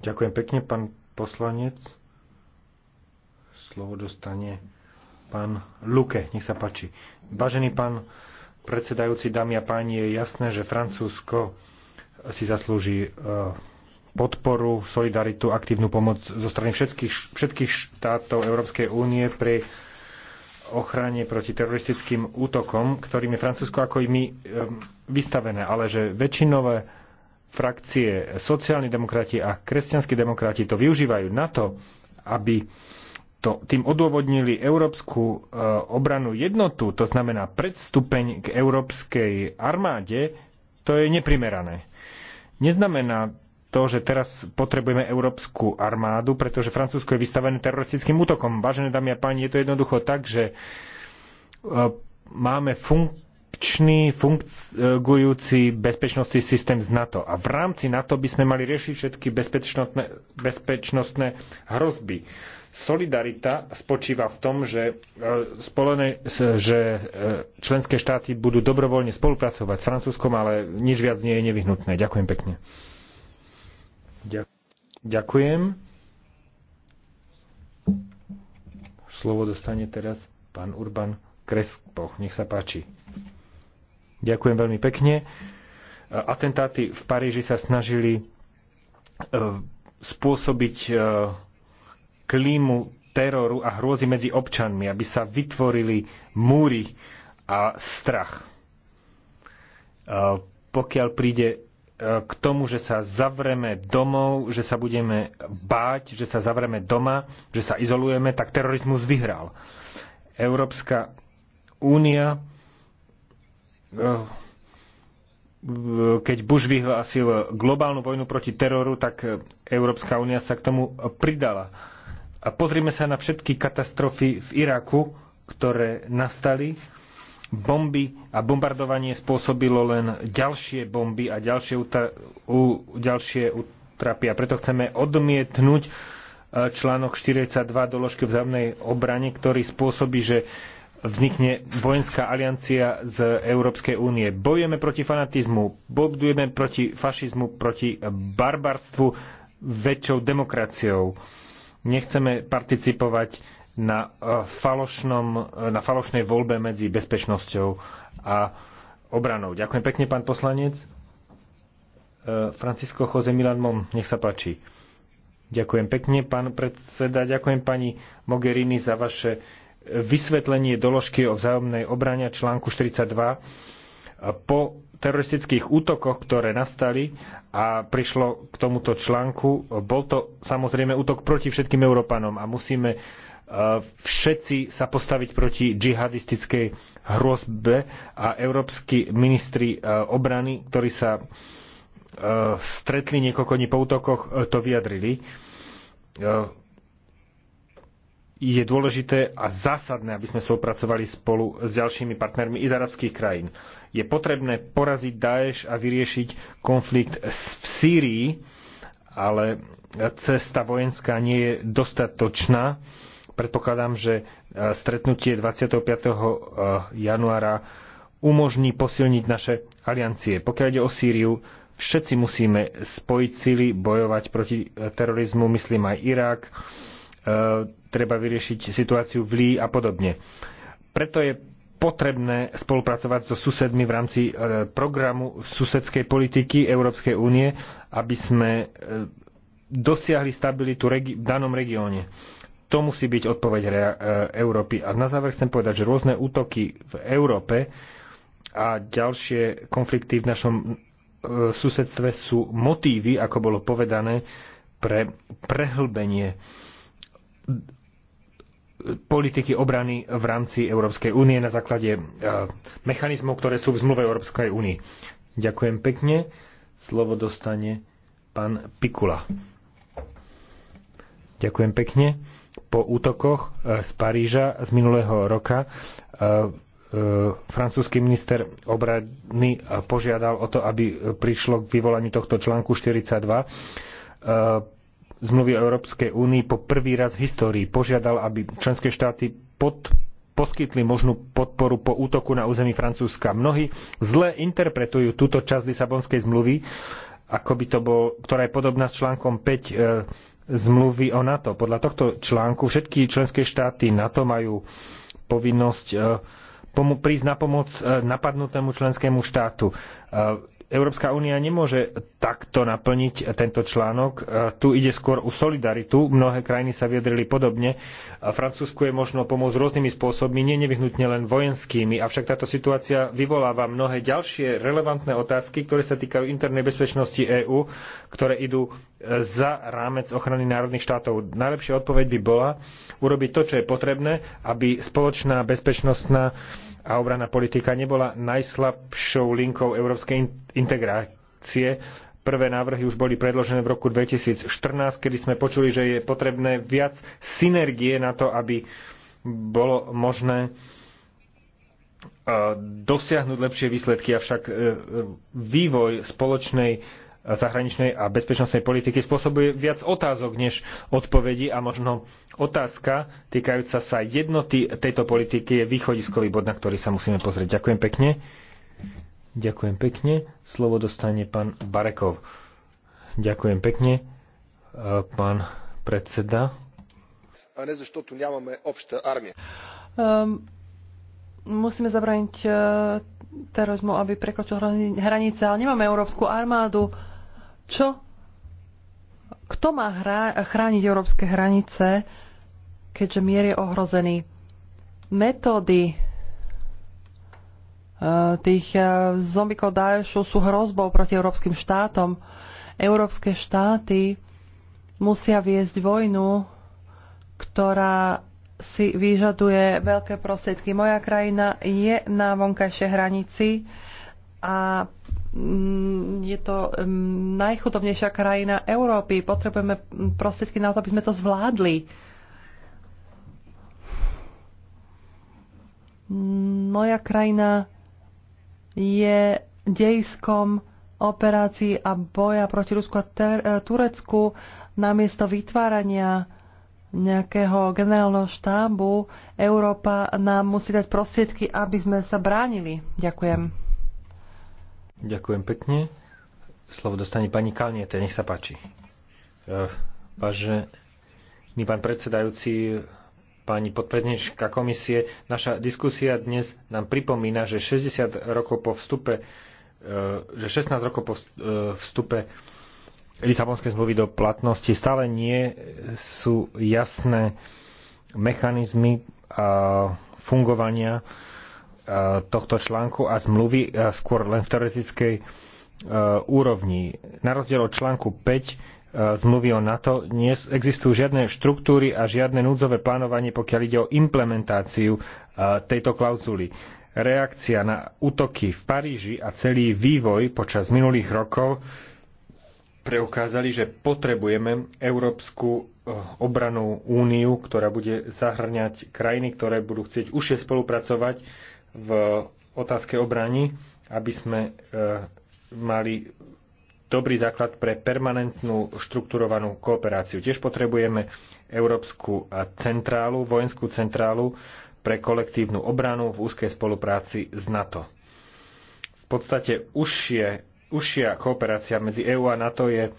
Ďakujem pekne, pán poslanec. Slovo dostane pán Luke. Nech sa páči. Vážený pán predsedajúci, dámy a páni, je jasné, že Francúzsko si zaslúži e, podporu, solidaritu, aktívnu pomoc zo strany všetkých, všetkých štátov Európskej únie pri ochrane proti teroristickým útokom, ktorým je Francúzsko ako i my e, vystavené, ale že väčšinové frakcie, sociálni demokrati a kresťanskí demokrati to využívajú na to, aby to, tým odôvodnili európsku e, obranú jednotu, to znamená predstupeň k európskej armáde, to je neprimerané. Neznamená to, že teraz potrebujeme európsku armádu, pretože Francúzsko je vystavené teroristickým útokom. Vážené dámy a páni, je to jednoducho tak, že e, máme funk funkčný, fungujúci bezpečnostný systém z NATO. A v rámci NATO by sme mali riešiť všetky bezpečnostné, bezpečnostné hrozby. Solidarita spočíva v tom, že, e, spolené, že e, členské štáty budú dobrovoľne spolupracovať s Francúzskom, ale nič viac nie je nevyhnutné. Ďakujem pekne. Ďakujem. Slovo dostane teraz pán Urban Krespo. Nech sa páči. Ďakujem veľmi pekne. E, atentáty v Paríži sa snažili e, spôsobiť e, klímu teroru a hrôzy medzi občanmi, aby sa vytvorili múry a strach. Pokiaľ príde k tomu, že sa zavreme domov, že sa budeme báť, že sa zavreme doma, že sa izolujeme, tak terorizmus vyhral. Európska únia Eh, keď Bush vyhlásil globálnu vojnu proti teroru, tak Európska únia sa k tomu pridala. A pozrime sa na všetky katastrofy v Iraku, ktoré nastali. Bomby a bombardovanie spôsobilo len ďalšie bomby a ďalšie, utra- u- ďalšie utrapy. A preto chceme odmietnúť eh, článok 42 doložky v vzájomnej obrane, ktorý spôsobí, že vznikne vojenská aliancia z Európskej únie. Bojujeme proti fanatizmu, bojujeme proti fašizmu, proti barbarstvu väčšou demokraciou. Nechceme participovať na, eh, falošnom, eh, na falošnej voľbe medzi bezpečnosťou a obranou. Ďakujem pekne, pán poslanec. Eh, Francisco Jose Milan Mom, nech sa páči. Ďakujem pekne, pán predseda. Ďakujem pani Mogherini za vaše vysvetlenie doložky o vzájomnej obrane článku 42 po teroristických útokoch, ktoré nastali a prišlo k tomuto článku. Bol to samozrejme útok proti všetkým Európanom a musíme e, všetci sa postaviť proti džihadistickej hrozbe a európsky ministri e, obrany, ktorí sa e, stretli niekoľko dní po útokoch, to vyjadrili je dôležité a zásadné, aby sme spolupracovali spolu s ďalšími partnermi iz arabských krajín. Je potrebné poraziť Daesh a vyriešiť konflikt v Sýrii, ale cesta vojenská nie je dostatočná. Predpokladám, že e, stretnutie 25. E, januára umožní posilniť naše aliancie. Pokiaľ ide o Sýriu, všetci musíme spojiť sily, bojovať proti e, terorizmu, myslím aj Irak. E, treba vyriešiť situáciu v Lí a podobne. Preto je potrebné spolupracovať so susedmi v rámci e, programu susedskej politiky Európskej únie, aby sme e, dosiahli stabilitu v danom regióne. To musí byť odpoveď Európy. A na záver chcem povedať, že rôzne útoky v Európe a ďalšie konflikty v našom susedstve sú motívy, ako bolo povedané, pre prehlbenie politiky obrany v rámci Európskej únie na základe e, mechanizmov, ktoré sú v zmluve Európskej únie. Ďakujem pekne. Slovo dostane pán Pikula. Ďakujem pekne. Po útokoch e, z Paríža z minulého roka e, francúzsky minister obrany požiadal o to, aby prišlo k vyvolaniu tohto článku 42 zmluvy o Európskej únii po prvý raz v histórii požiadal, aby členské štáty pod, poskytli možnú podporu po útoku na území Francúzska. Mnohí zle interpretujú túto časť Lisabonskej zmluvy, ako by to bol, ktorá je podobná s článkom 5 e, zmluvy o NATO. Podľa tohto článku všetky členské štáty NATO majú povinnosť e, prísť na pomoc e, napadnutému členskému štátu. E, Európska únia nemôže takto naplniť tento článok. E, tu ide skôr o solidaritu. Mnohé krajiny sa vyjadrili podobne. E, Francúzsku je možno pomôcť rôznymi spôsobmi, nie nevyhnutne len vojenskými. Avšak táto situácia vyvoláva mnohé ďalšie relevantné otázky, ktoré sa týkajú internej bezpečnosti EÚ, ktoré idú e, za rámec ochrany národných štátov. Najlepšia odpoveď by bola urobiť to, čo je potrebné, aby spoločná bezpečnostná a obranná politika nebola najslabšou linkou európskej integrácie. Prvé návrhy už boli predložené v roku 2014, kedy sme počuli, že je potrebné viac synergie na to, aby bolo možné e, dosiahnuť lepšie výsledky, avšak e, vývoj spoločnej zahraničnej a bezpečnostnej politiky spôsobuje viac otázok než odpovedí a možno otázka týkajúca sa jednoty tejto politiky je východiskový bod, na ktorý sa musíme pozrieť. Ďakujem pekne. Ďakujem pekne. Slovo dostane pán Barekov. Ďakujem pekne, e, pán predseda. A ne zašto tu nemáme obšte armie. Um, musíme zabrániť uh, e, terorizmu, aby prekročil hranice, ale nemáme európsku armádu. Uh, čo? Kto má hra- chrániť európske hranice, keďže mier je ohrozený? Metódy e, tých e, zombikov Daešu sú hrozbou proti európskym štátom. Európske štáty musia viesť vojnu, ktorá si vyžaduje veľké prostriedky. Moja krajina je na vonkajšej hranici a Mm, je to mm, najchudobnejšia krajina Európy. Potrebujeme prostriedky na to, aby sme to zvládli. Moja krajina je dejskom operácií a boja proti Rusku a e, Turecku namiesto vytvárania nejakého generálneho štábu Európa nám musí dať prostriedky, aby sme sa bránili. Ďakujem. Ďakujem pekne. Slovo dostane pani Kalniete, nech sa páči. E, vážený pán predsedajúci, pani podprednička komisie, naša diskusia dnes nám pripomína, že 60 rokov po vstupe e, že 16 rokov po e, vstupe Lisabonskej zmluvy do platnosti stále nie sú jasné mechanizmy a fungovania Eh, tohto článku a zmluvy eh, skôr len v teoretickej eh, úrovni. Na rozdiel od článku 5 zmluvy o NATO existujú žiadne štruktúry a žiadne núdzové plánovanie, pokiaľ ide o implementáciu tejto klauzuly. Reakcia na útoky v Paríži a celý vývoj počas minulých rokov preukázali, že potrebujeme Európsku obranú úniu, ktorá bude zahrňať krajiny, ktoré budú chcieť užšie spolupracovať v otázke obrany, aby sme e, mali dobrý základ pre permanentnú štrukturovanú kooperáciu. Tiež potrebujeme Európsku centrálu, vojenskú centrálu pre kolektívnu obranu v úzkej spolupráci s NATO. V podstate užšie, užšia kooperácia medzi EÚ a NATO je e,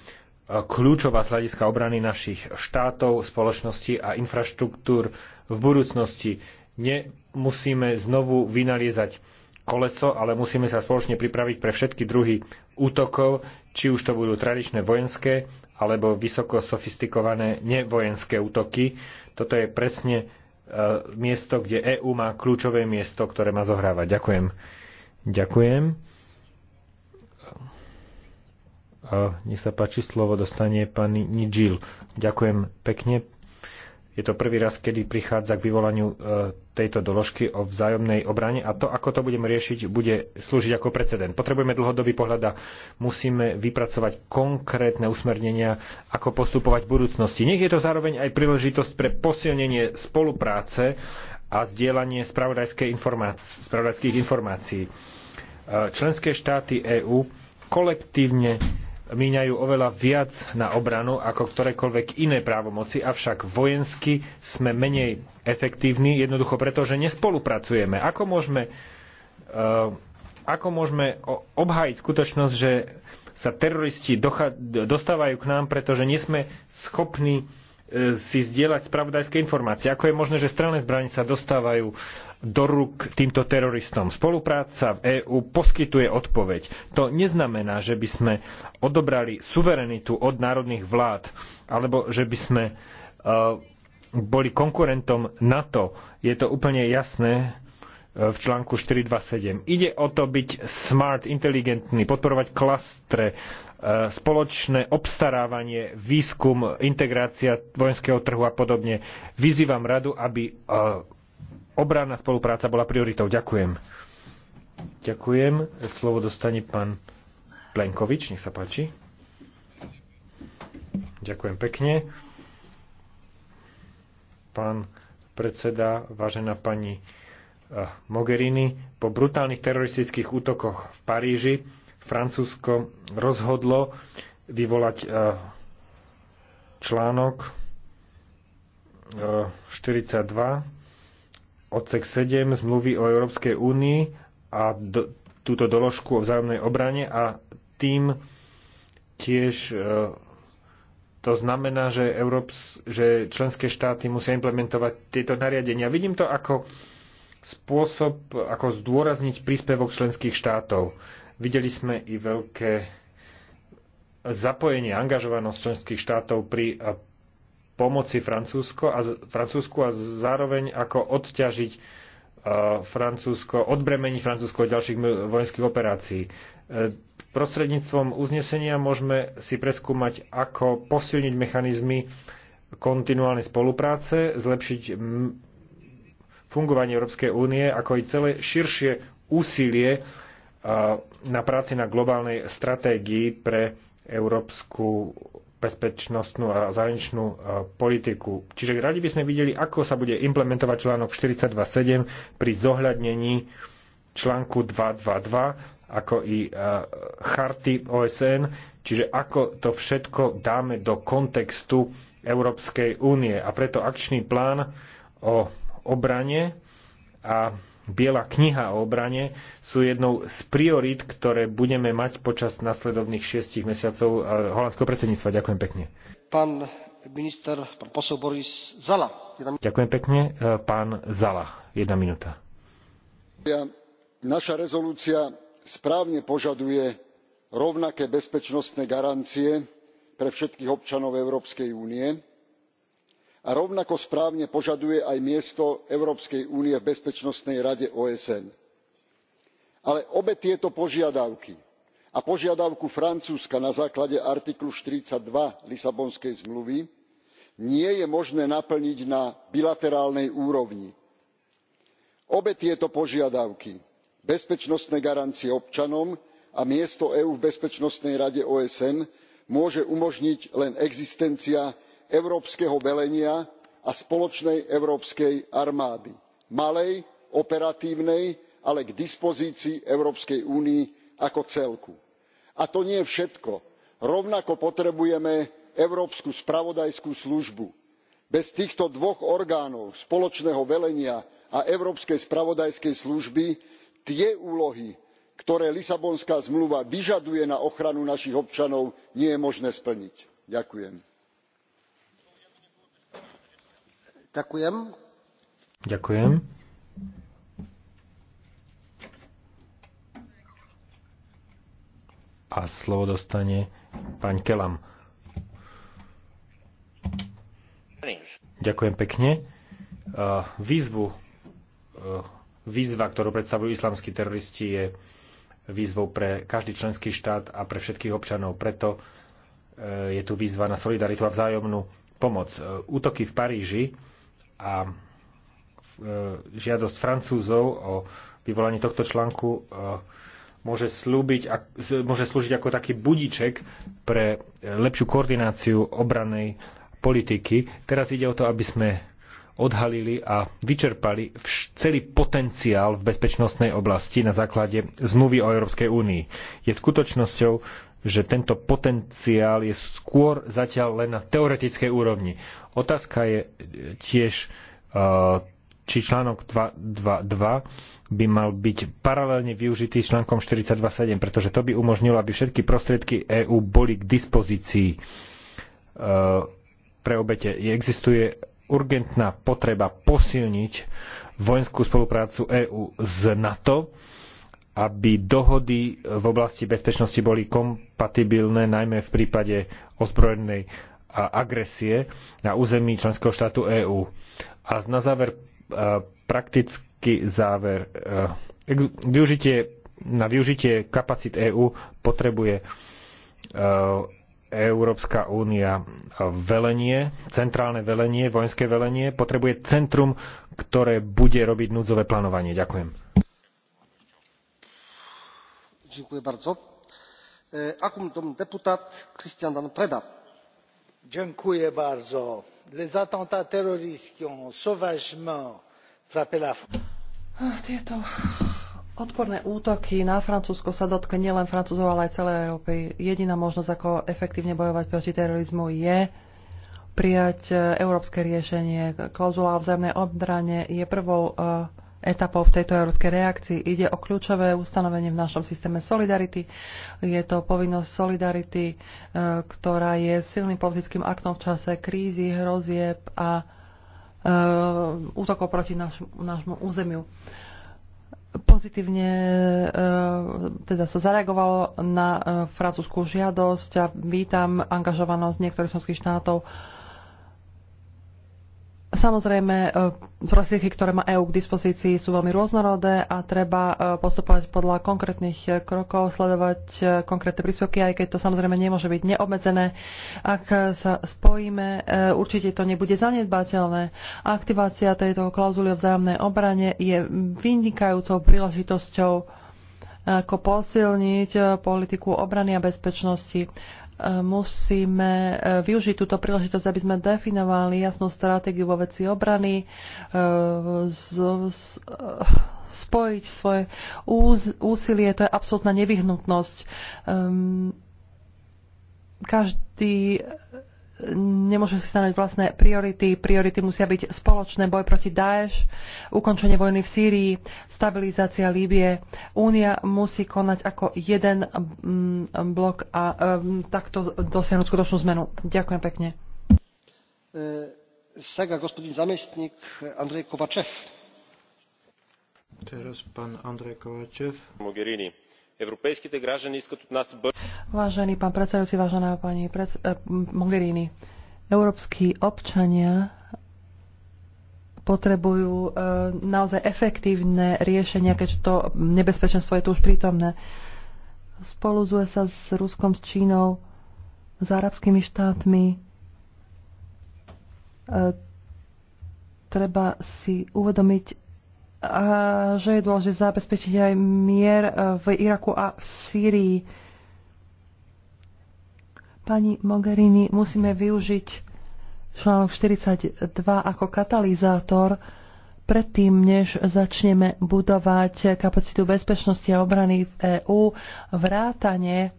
kľúčová z hľadiska obrany našich štátov, spoločnosti a infraštruktúr v budúcnosti. Ne, musíme znovu vynaliezať koleso, ale musíme sa spoločne pripraviť pre všetky druhy útokov, či už to budú tradičné vojenské alebo vysoko sofistikované nevojenské útoky. Toto je presne e, miesto, kde EÚ má kľúčové miesto, ktoré má zohrávať. Ďakujem. Ďakujem. A e, e, nech sa páči, slovo dostane pani Nidžil. Ďakujem pekne, je to prvý raz, kedy prichádza k vyvolaniu e, tejto doložky o vzájomnej obrane a to, ako to budeme riešiť, bude slúžiť ako precedent. Potrebujeme dlhodobý pohľad a musíme vypracovať konkrétne usmernenia, ako postupovať v budúcnosti. Nech je to zároveň aj príležitosť pre posilnenie spolupráce a zdieľanie spravodajských informácií. E, členské štáty EÚ kolektívne míňajú oveľa viac na obranu ako ktorékoľvek iné právomoci, avšak vojensky sme menej efektívni, jednoducho preto, že nespolupracujeme. Ako môžeme, uh, ako môžeme obhájiť skutočnosť, že sa teroristi dostávajú k nám, pretože nie sme schopní eh, si zdieľať spravodajské informácie. Ako je možné, že strelné zbranie sa dostávajú eh, do rúk týmto teroristom. Spolupráca v EÚ poskytuje odpoveď. To neznamená, že by sme odobrali suverenitu od národných vlád, alebo že by sme e, boli konkurentom NATO. Je to úplne jasné e, v článku 427. Ide o to byť smart, inteligentný, podporovať klastre, e, spoločné obstarávanie, výskum, integrácia vojenského trhu a podobne. Vyzývam radu, aby obranná spolupráca bola prioritou. Ďakujem. Ďakujem. Slovo dostane pán Plenkovič, nech sa páči. Ďakujem pekne. Pán predseda, vážená pani eh, Mogherini, po brutálnych teroristických útokoch v Paríži Francúzsko rozhodlo vyvolať eh, článok 42 eh, odsek 7 zmluvy o Európskej únii a do, túto doložku o vzájomnej obrane a tým tiež e, to znamená, že, Európs, že členské štáty musia implementovať tieto nariadenia. Vidím to ako spôsob, ako zdôrazniť príspevok členských štátov. Videli sme i veľké zapojenie, angažovanosť členských štátov pri pomoci Francúzsko a, Francúzsku a zároveň ako odťažiť e, Francúzsko, odbremeniť Francúzsko od ďalších vojenských operácií. E, prostredníctvom uznesenia môžeme si preskúmať, ako posilniť mechanizmy kontinuálnej spolupráce, zlepšiť fungovanie Európskej únie, ako i celé širšie úsilie e, na práci na globálnej stratégii pre Európsku bezpečnostnú a zahraničnú e, politiku. Čiže radi by sme videli, ako sa bude implementovať článok 42.7 pri zohľadnení článku 222 ako i e, charty OSN, čiže ako to všetko dáme do kontextu Európskej únie. A preto akčný plán o obrane a Biela kniha o obrane sú jednou z priorít, ktoré budeme mať počas nasledovných šiestich mesiacov eh, holandského predsedníctva. Ďakujem pekne. Pán minister, pán posol Boris Zala. Jedna... Ďakujem pekne. Eh, pán Zala, jedna minúta. Naša rezolúcia správne požaduje rovnaké bezpečnostné garancie pre všetkých občanov Európskej únie a rovnako správne požaduje aj miesto európskej únie v bezpečnostnej rade osn. ale obe tieto požiadavky a požiadavku francúzska na základe artiklu forty two lisabonskej zmluvy nie je možné naplniť na bilaterálnej úrovni. obe tieto požiadavky bezpečnostné garancie občanom a miesto eú v bezpečnostnej rade osn môže umožniť len existencia európskeho velenia a spoločnej európskej armády malej operatívnej ale k dispozícii európskej únii ako celku. a to nie všetko rovnako potrebujeme európsku spravodajskú službu. bez týchto dvoch orgánov spoločného velenia a európskej spravodajskej služby tie úlohy ktoré lisabonská zmluva vyžaduje na ochranu našich občanov nie je možné splniť. ďakujem. Ďakujem. Ďakujem. A slovo dostane pán Kelam. Ďakujem pekne. Výzvu, e, výzva, ktorú predstavujú islamskí teroristi, je výzvou pre každý členský štát a pre všetkých občanov. Preto e, je tu výzva na solidaritu a vzájomnú pomoc. E, útoky v Paríži a e, žiadosť Francúzov o vyvolanie tohto článku e, môže, slúbiť, môže slúžiť ako taký budiček pre e, lepšiu koordináciu obranej politiky. Teraz ide o to, aby sme odhalili a vyčerpali celý potenciál v bezpečnostnej oblasti na základe zmluvy o Európskej únii. Je skutočnosťou, že tento potenciál je skôr zatiaľ len na teoretickej úrovni. Otázka je e, tiež, e, či článok 2.2 by mal byť paralelne využitý s článkom 42.7, pretože to by umožnilo, aby všetky prostriedky EÚ boli k dispozícii e, pre obete. Existuje urgentná potreba posilniť vojenskú spoluprácu EÚ s NATO, aby dohody v oblasti bezpečnosti boli kompatibilné, najmä v prípade ozbrojenej agresie na území členského štátu EÚ. A na záver e, praktický záver. E, využitie, na využitie kapacít EÚ potrebuje e, Európska únia velenie, centrálne velenie, vojenské velenie, potrebuje centrum, ktoré bude robiť núdzové plánovanie. Ďakujem. E, les attentats terroristes qui ont sauvagement frappé la france. Ah, tieto odporné útoky na francúzsko sa dotkli nielen francúzov ale aj celej európy. jediná možnosť ako efektívne bojovať proti terorizmu je prijať e, európske riešenie. klauzula o vzájomnej obrane je prvou e, etapou v tejto európskej reakcii. Ide o kľúčové ustanovenie v našom systéme Solidarity. Je to povinnosť Solidarity, e, ktorá je silným politickým aktom v čase krízy, hrozieb a e, útokov proti nášmu územiu. Pozitívne e, teda sa zareagovalo na francúzskú žiadosť a vítam angažovanosť niektorých členských štátov Samozrejme, e, prostriedky, ktoré má EÚ k dispozícii, sú veľmi rôznorodé a treba e, postupovať podľa konkrétnych e, krokov, sledovať konkrétne príspevky, aj keď to samozrejme nemôže byť neobmedzené. Ak sa spojíme, určite to nebude zanedbateľné. Aktivácia tejto klauzuly o vzájomnej obrane je vynikajúcou príležitosťou ako posilniť politiku obrany a bezpečnosti musíme e, využiť túto príležitosť, aby sme definovali jasnú stratégiu vo veci obrany, e, z, z, e, spojiť svoje úz, úsilie, to je absolútna nevyhnutnosť. Ehm, každý nemôže si stanoviť vlastné priority. Priority musia byť spoločné boj proti Daesh, ukončenie vojny v Sýrii, stabilizácia Líbie. Únia musí konať ako jeden mm, blok a takto dosiahnuť skutočnú zmenu. Ďakujem pekne. E, Sega gospodín zamestník Andrej Kovačev. Teraz pán Andrej Kovačev. Mogherini искат Vážený pán predsedajúci, vážená pani pred... Mogherini, európsky občania potrebujú naozaj efektívne riešenia, keďže to nebezpečenstvo je tu už prítomné. Spolu s USA, s Ruskom, s Čínou, s arabskými štátmi, treba si uvedomiť, a že je dôležité zabezpečiť aj mier e, v Iraku a v Sýrii. Pani Mogherini, musíme využiť článok 42 ako katalizátor predtým, než začneme budovať kapacitu bezpečnosti a obrany v EÚ, vrátane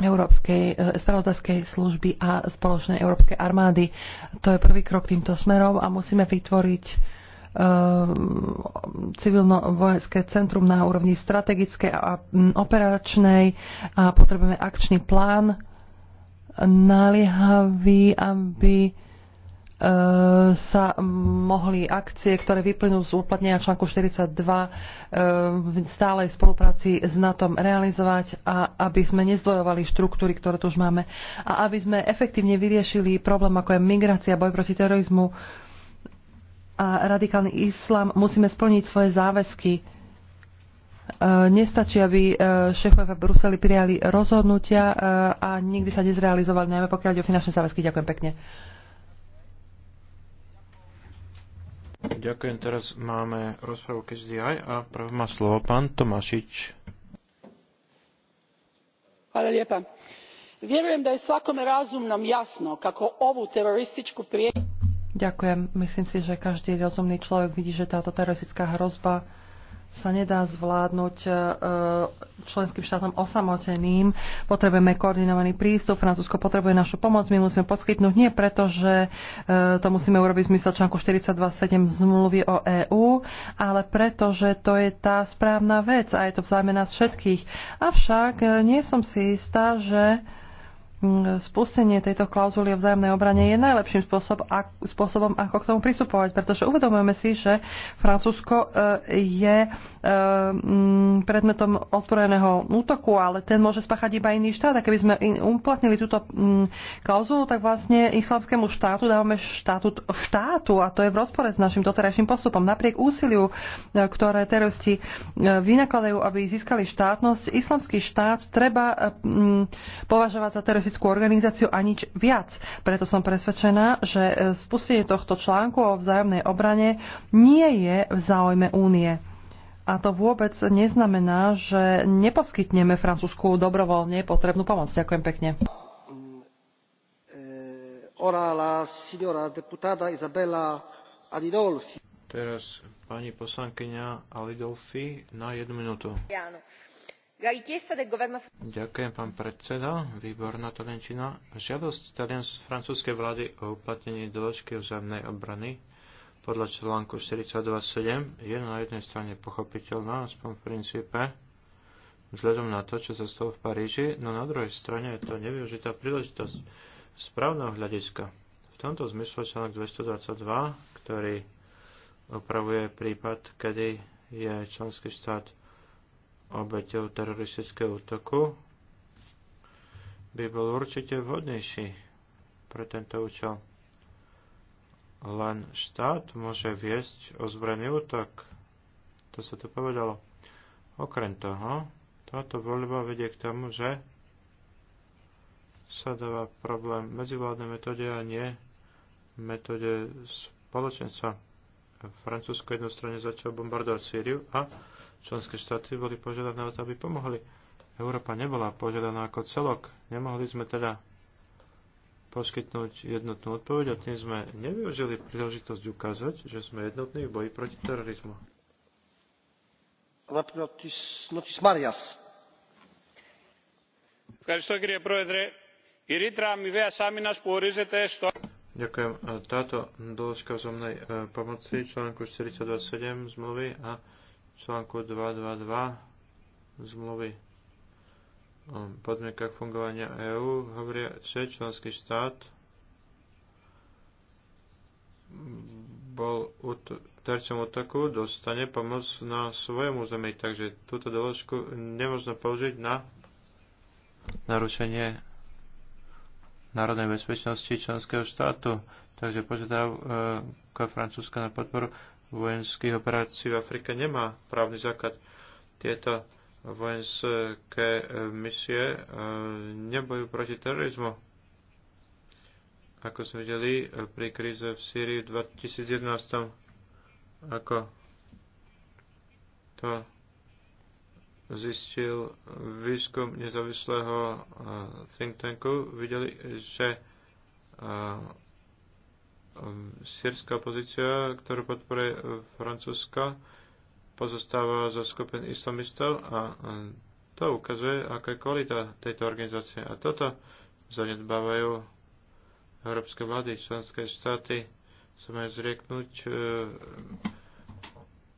Európskej e, spravodajskej služby a spoločnej Európskej armády. To je prvý krok týmto smerom a musíme vytvoriť Ehm, civilno-vojenské centrum na úrovni strategickej a operačnej a potrebujeme akčný plán naliehavý, aby e, sa mohli akcie, ktoré vyplynú z uplatnenia článku 42 e, v stálej spolupráci s NATO realizovať a aby sme nezdvojovali štruktúry, ktoré tu už máme a aby sme efektívne vyriešili problém, ako je migrácia, boj proti terorizmu, a radikálny islám, musíme splniť svoje záväzky. E, nestačí, aby e, šéfovia v Bruseli prijali rozhodnutia e, a nikdy sa nezrealizovali, najmä pokiaľ ide o finančné záväzky. Ďakujem pekne. Ďakujem, teraz máme rozprávu každý aj a prvý má slovo pán Tomášič. Hvala lijepa. Vjerujem da je svakome razumnom jasno kako ovu terorističku prijetnju Ďakujem. Myslím si, že každý rozumný človek vidí, že táto teroristická hrozba sa nedá zvládnuť e, členským štátom osamoteným. Potrebujeme koordinovaný prístup, Francúzsko potrebuje našu pomoc, my musíme poskytnúť nie preto, že e, to musíme urobiť v zmysle článku 42.7 zmluvy o EÚ, ale preto, že to je tá správna vec a je to vzájme nás všetkých. Avšak e, nie som si istá, že Mm, spustenie tejto klauzuly o vzájomnej obrane je najlepším spôsob, ak, spôsobom, ako k tomu pristupovať, pretože uvedomujeme si, že Francúzsko e, je e, mm, predmetom ozbrojeného útoku, ale ten môže spáchať iba iný štát. A keby sme uplatnili túto mm, klauzulu, tak vlastne islamskému štátu dávame štátu štátu a to je v rozpore s našim doterajším postupom. Napriek úsiliu, e, ktoré teroristi vynakladajú, aby získali štátnosť, islamský štát treba považovať za teroristi byrokratickú organizáciu a nič viac. Preto som presvedčená, že e, spustenie tohto článku o vzájomnej obrane nie je v záujme únie. A to vôbec neznamená, že neposkytneme Francúzsku dobrovoľne potrebnú pomoc. Ďakujem pekne. E, Teraz pani poslankyňa Alidolfi na jednu minútu. Ďakujem, pán predseda. Výborná Taliančina. Žiadosť francúzskej vlády o uplatnení doložky vzájomnej obrany podľa článku 42.7 je na jednej strane pochopiteľná, aspoň v princípe, vzhľadom na to, čo sa stalo v Paríži, no na druhej strane je to nevyužitá príležitosť správneho hľadiska. V tomto zmysle článok 222, ktorý opravuje prípad, kedy je členský štát obeťou teroristického útoku by bol určite vhodnejší pre tento účel. Len štát môže viesť ozbrojený útok. To sa tu povedalo. Okrem toho, táto voľba vedie k tomu, že sa dáva problém medzivládne metóde a nie metóde spoločenstva. Francúzsko jednostranne začalo bombardovať Sýriu a Členské štáty boli požiadané o to, aby pomohli. Európa nebola požiadaná ako celok. Nemohli sme teda poskytnúť jednotnú odpoveď a tým sme nevyužili príležitosť ukázať, že sme jednotní v boji proti terorizmu. Ďakujem. Táto dĺžka zomnej eh, pomoci článku 427 zmluvy a článku 222 zmluvy o podmienkach fungovania EÚ hovoria, že členský štát bol terčom útoku, dostane pomoc na svojom území. Takže túto doložku nemôžno použiť na narušenie národnej bezpečnosti členského štátu. Takže požiadavka e, Francúzska na podporu vojenských operácií v Afrike nemá právny základ. Tieto vojenské e, misie e, nebojú proti terorizmu. Ako sme videli e, pri kríze v Sýrii v 2011, ako to zistil výskum nezávislého think tanku, videli, že Ehm, sírska pozícia, ktorú podporuje ehm, Francúzska, pozostáva zo skupin islamistov a ehm, to ukazuje, aká je kvalita tejto organizácie. A toto zanedbávajú európske vlády, členské štáty sa majú zrieknúť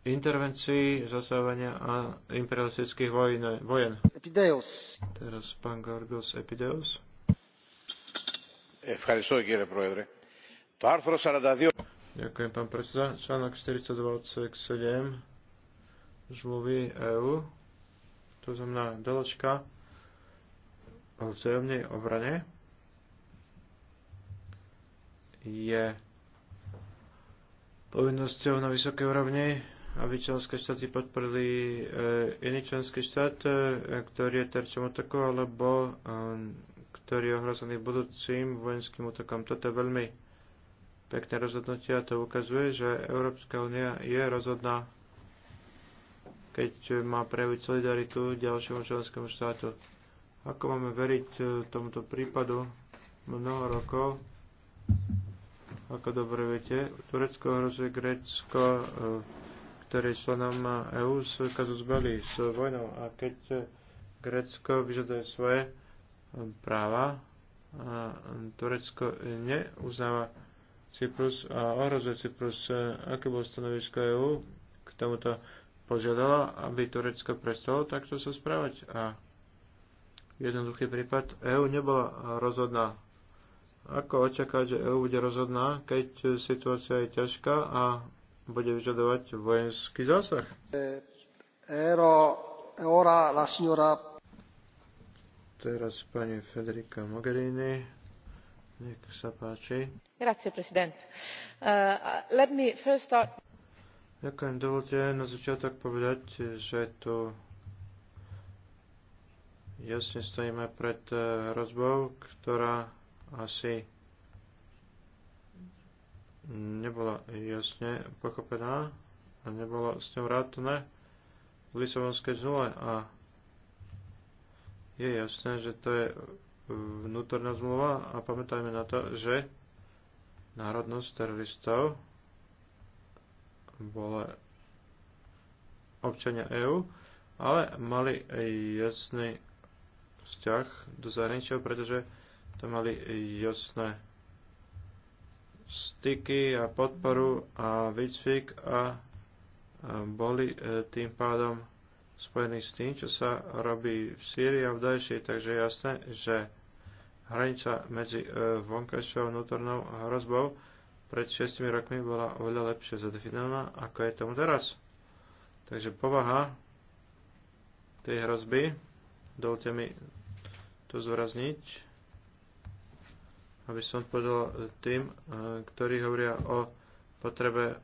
intervencií, zasávania a imperialistických vojen. vojen. Epideus. Teraz pán Gorgos Epideus. Ευχαριστώ κύριε Πρόεδρε. Ďakujem, pán predseda. Článok 427 zmluvy EU, to znamená določka o vzájomnej obrane, je povinnosťou na vysokej úrovni, aby členské štáty podporili e, iný členský štát, e, ktorý je terčom útoku alebo e, ktorý je ohrozený budúcim vojenským útokom. Toto je veľmi pekné rozhodnutia. To ukazuje, že Európska únia je rozhodná, keď má prejaviť solidaritu ďalšiemu členskému štátu. Ako máme veriť e, tomuto prípadu mnoho rokov? Ako dobre viete, Turecko hrozuje Grécko, e, ktoré je členom EÚ, s kazus belli, s vojnou. A keď e, Grécko vyžaduje svoje práva, a Turecko neuznáva Cyprus a ohrozuje Cyprus. E, aké bolo stanovisko EU k tomuto požiadala, aby Turecko prestalo takto sa správať a jednoduchý prípad. EU nebola rozhodná. Ako očakávať, že EU bude rozhodná, keď situácia je ťažká a bude vyžadovať vojenský zásah? Teraz pani Federica Mogherini. Nech uh, Ďakujem, dovolte na začiatok povedať, že tu jasne stojíme pred eh, hrozbou, ktorá asi nebola jasne pochopená a nebolo s ňou rátne v Lisabonskej zmluve a je jasné, že to je vnútorná zmluva a pamätajme na to, že národnosť teroristov bola občania EÚ, ale mali jasný vzťah do zahraničia, pretože tam mali jasné styky a podporu a výcvik a boli e, tým pádom spojení s tým, čo sa robí v Sýrii a v Dajši. Takže je jasné, že hranica medzi e, vonkajšou a vnútornou hrozbou pred 6 rokmi bola oveľa lepšie zadefinovaná, ako je tomu teraz. Takže povaha tej hrozby, dovolte mi to zvrazniť, aby som povedal tým, e, ktorí hovoria o potrebe e,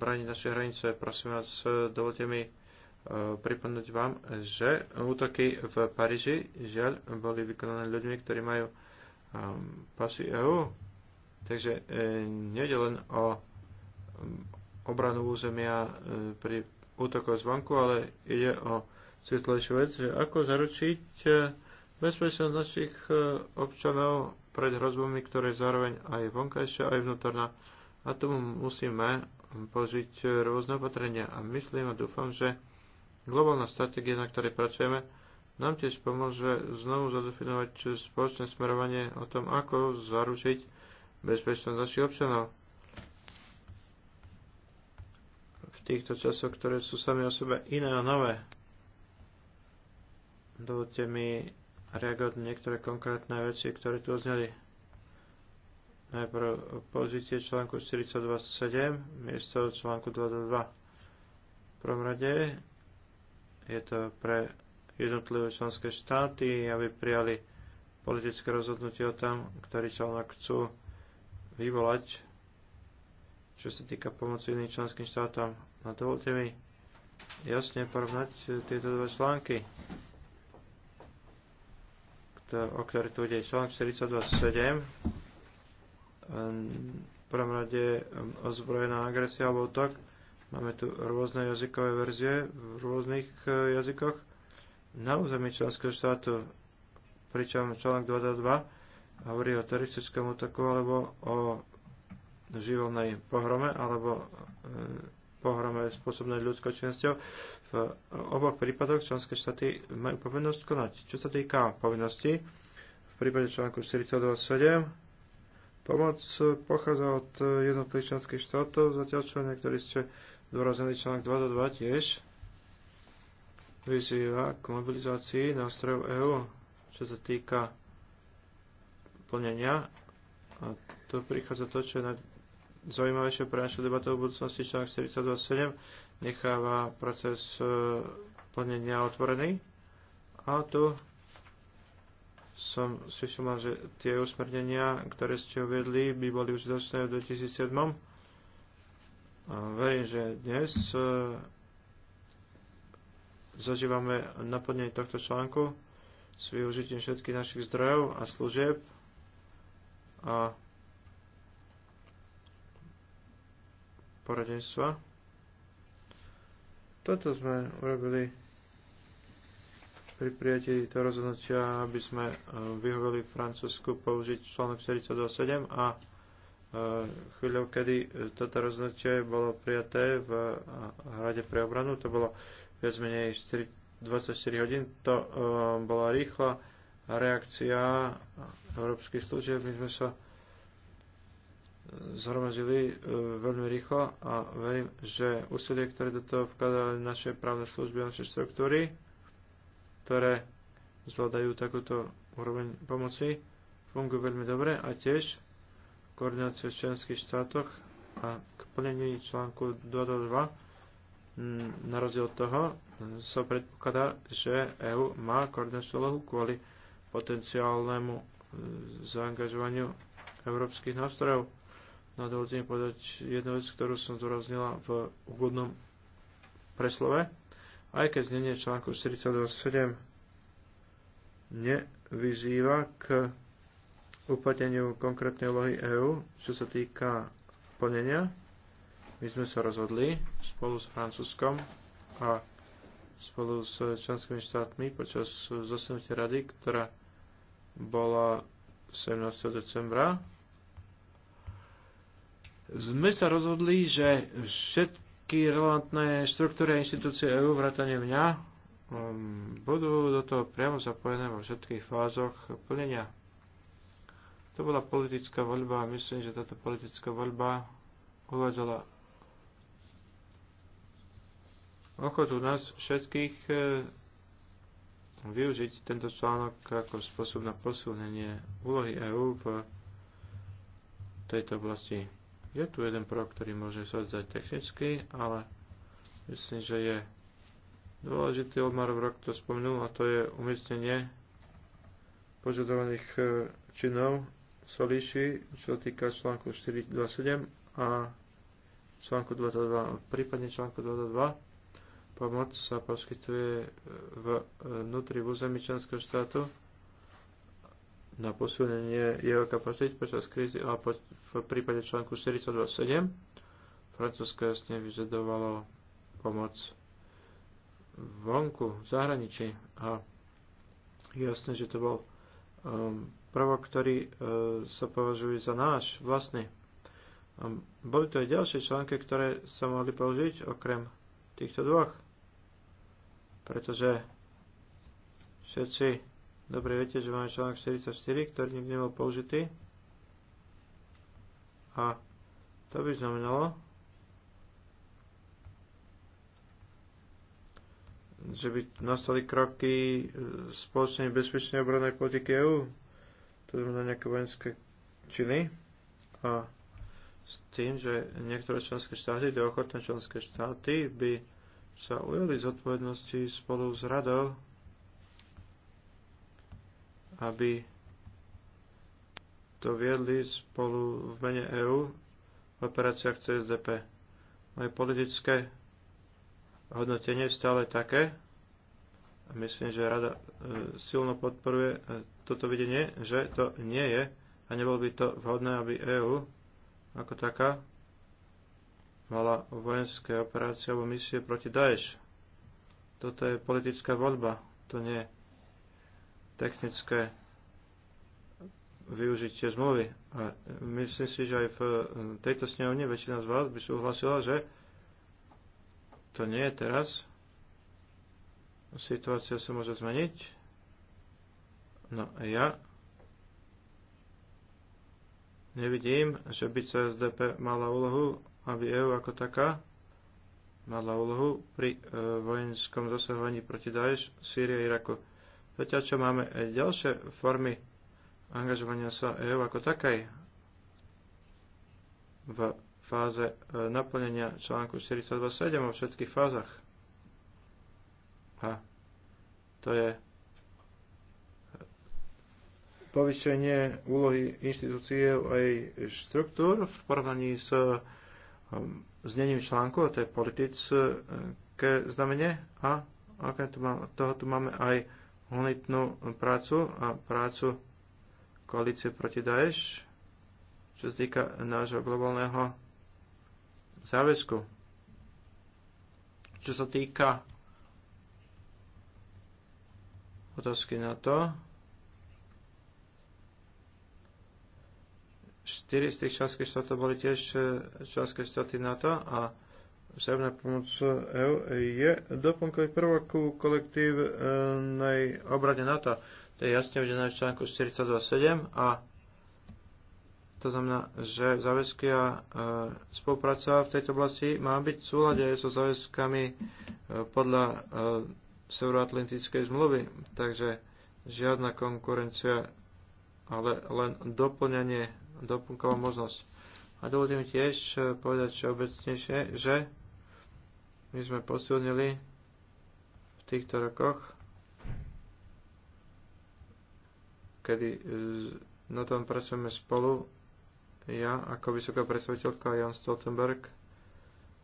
braniť naše hranice. Prosím vás, dovolte mi Eh, pripomenúť vám, že útoky v Paríži žiaľ boli vykonané ľuďmi, ktorí majú ehm, pasy EU. Takže eh, nejde len o ehm, obranu územia eh, pri útokoch zvonku, ale ide o svetlejšiu vec, že ako zaručiť bezpečnosť našich občanov pred hrozbami, ktoré zároveň aj vonkajšia, aj vnútorná. A tomu musíme ehm, požiť rôzne opatrenia. A myslím a dúfam, že Globálna stratégia, na ktorej pracujeme, nám tiež pomôže znovu zadefinovať spoločné smerovanie o tom, ako zaručiť bezpečnosť našich občanov. V týchto časoch, ktoré sú sami o sebe iné a nové, dovolte mi reagovať na niektoré konkrétne veci, ktoré tu ozneli. Najprv použitie článku 42.7 miesto článku 22 V prvom rade je to pre jednotlivé členské štáty, aby prijali politické rozhodnutie o tom, ktorý článok chcú vyvolať, čo sa týka pomoci iným členským štátom. A no dovolte mi jasne porovnať tieto dva články, o ktoré tu ide. Článok 42.7 v prvom rade um, ozbrojená agresia alebo tak, Máme tu rôzne jazykové verzie v rôznych e, jazykoch na území členského štátu, pričom článok 22 hovorí o teroristickom útoku alebo o živelnej pohrome alebo e, pohrome spôsobnej ľudskou činnosťou. V oboch prípadoch členské štáty majú povinnosť konať. Čo sa týka povinnosti, v prípade článku 427 Pomoc pochádza od jednotlivých členských štátov, zatiaľ čo niektorí ste zdôraznený článok 22 tiež vyzýva k mobilizácii nástrojov EÚ, čo sa týka plnenia. A tu prichádza to, čo je najzaujímavejšie pre našu debatu o budúcnosti. Článok 42.7 necháva proces e, plnenia otvorený. A tu som si všimla, že tie usmernenia, ktoré ste uviedli, by boli užitočné v 2007 Verím, že dnes e, zažívame naplnenie tohto článku s využitím všetkých našich zdrojov a služieb a poradenstva. Toto sme urobili pri prijatí toho rozhodnutia, aby sme e, vyhoveli Francúzsku použiť článok 427 a chvíľou, kedy toto rozhodnutie bolo prijaté v Hrade pre obranu. To bolo viac menej 24 hodín. To e, bola rýchla reakcia európskych služieb. My sme sa zhromažili e, veľmi rýchlo a verím, že úsilie, ktoré do toho vkladali naše právne služby a naše štruktúry, ktoré zvládajú takúto úroveň pomoci, fungujú veľmi dobre a tiež koordinácie v členských štátoch a k plneniu článku 22, mm, na rozdiel od toho mm, sa predpokladá, že EÚ má koordinačnú lohu kvôli potenciálnemu mm, zaangažovaniu európskych nástrojov. Na dovolte mi povedať jednu vec, ktorú som zúraznila v úvodnom preslove, aj keď znenie článku 427 nevyzýva k uplatneniu konkrétnej úlohy EÚ, čo sa týka plnenia. My sme sa rozhodli spolu s Francúzskom a spolu s členskými štátmi počas zasadnutia rady, ktorá bola 17. decembra, sme sa rozhodli, že všetky relevantné štruktúry a inštitúcie EU, vrátane mňa, um, budú do toho priamo zapojené vo všetkých fázoch plnenia to bola politická voľba a myslím, že táto politická voľba uvádzala ochotu nás všetkých e, využiť tento článok ako spôsob na posilnenie úlohy EÚ v tejto oblasti. Je tu jeden prok, ktorý môže sa zdať technicky, ale myslím, že je dôležitý. Odmar Vrok to spomenul a to je umiestnenie požadovaných e, činov sa líši, čo týka článku 427 a článku 22. Prípadne článku 22 pomoc sa poskytuje v e, vnútri v území členského štátu na posilnenie jeho kapacít počas krízy a po, v prípade článku 427 Francúzsko jasne vyžadovalo pomoc vonku, v zahraničí a jasne, že to bol um, prvok, ktorý e, sa považuje za náš vlastný. A boli to aj ďalšie články, ktoré sa mohli použiť okrem týchto dvoch. Pretože všetci dobre viete, že máme článok 44, ktorý nikdy nebol použitý. A to by znamenalo, že by nastali kroky e, spoločnej bezpečnej obrannej politiky EÚ to znamená nejaké vojenské činy a s tým, že niektoré členské štáty, kde ochotné členské štáty by sa ujeli zodpovednosti spolu s radou, aby to viedli spolu v mene EÚ v operáciách CSDP. Moje politické hodnotenie je stále také, a myslím, že rada e, silno podporuje e, toto videnie, že to nie je a nebolo by to vhodné, aby EÚ ako taká mala vojenské operácie alebo misie proti Daesh. Toto je politická voľba, to nie je technické využitie zmluvy. A myslím si, že aj v tejto snehovni väčšina z vás by súhlasila, že to nie je teraz. Situácia sa môže zmeniť No a ja nevidím, že by CSDP mala úlohu, aby EU ako taká mala úlohu pri e, vojenskom zasahovaní proti Daesh, Sýrie a Iraku. Zatiaľ, čo máme ďalšie formy angažovania sa EU ako takej v fáze e, naplnenia článku 42.7 vo všetkých fázach. A to je povýšenie úlohy inštitúcie a jej štruktúr v porovnaní s um, znením článku, a to je politické znamenie, a okrem toho tu máme aj humanitnú prácu a prácu koalície proti Daesh, čo sa týka nášho globálneho záväzku. Čo sa týka otázky na to, 4 z tých členských štátov boli tiež e, členské štáty NATO a vzájomná pomoc EU je doplnkový prvok ku kolektívnej obrane NATO. To je jasne uvedené v článku 42.7 a to znamená, že záväzky a e, spolupráca v tejto oblasti má byť v súlade so záväzkami e, podľa e, Severoatlantickej zmluvy. Takže žiadna konkurencia, ale len doplňanie doplnková možnosť. A dovolím tiež eh, povedať všeobecnejšie, že my sme posilnili v týchto rokoch, kedy eh, na tom pracujeme spolu, ja ako vysoká predstaviteľka Jan Stoltenberg,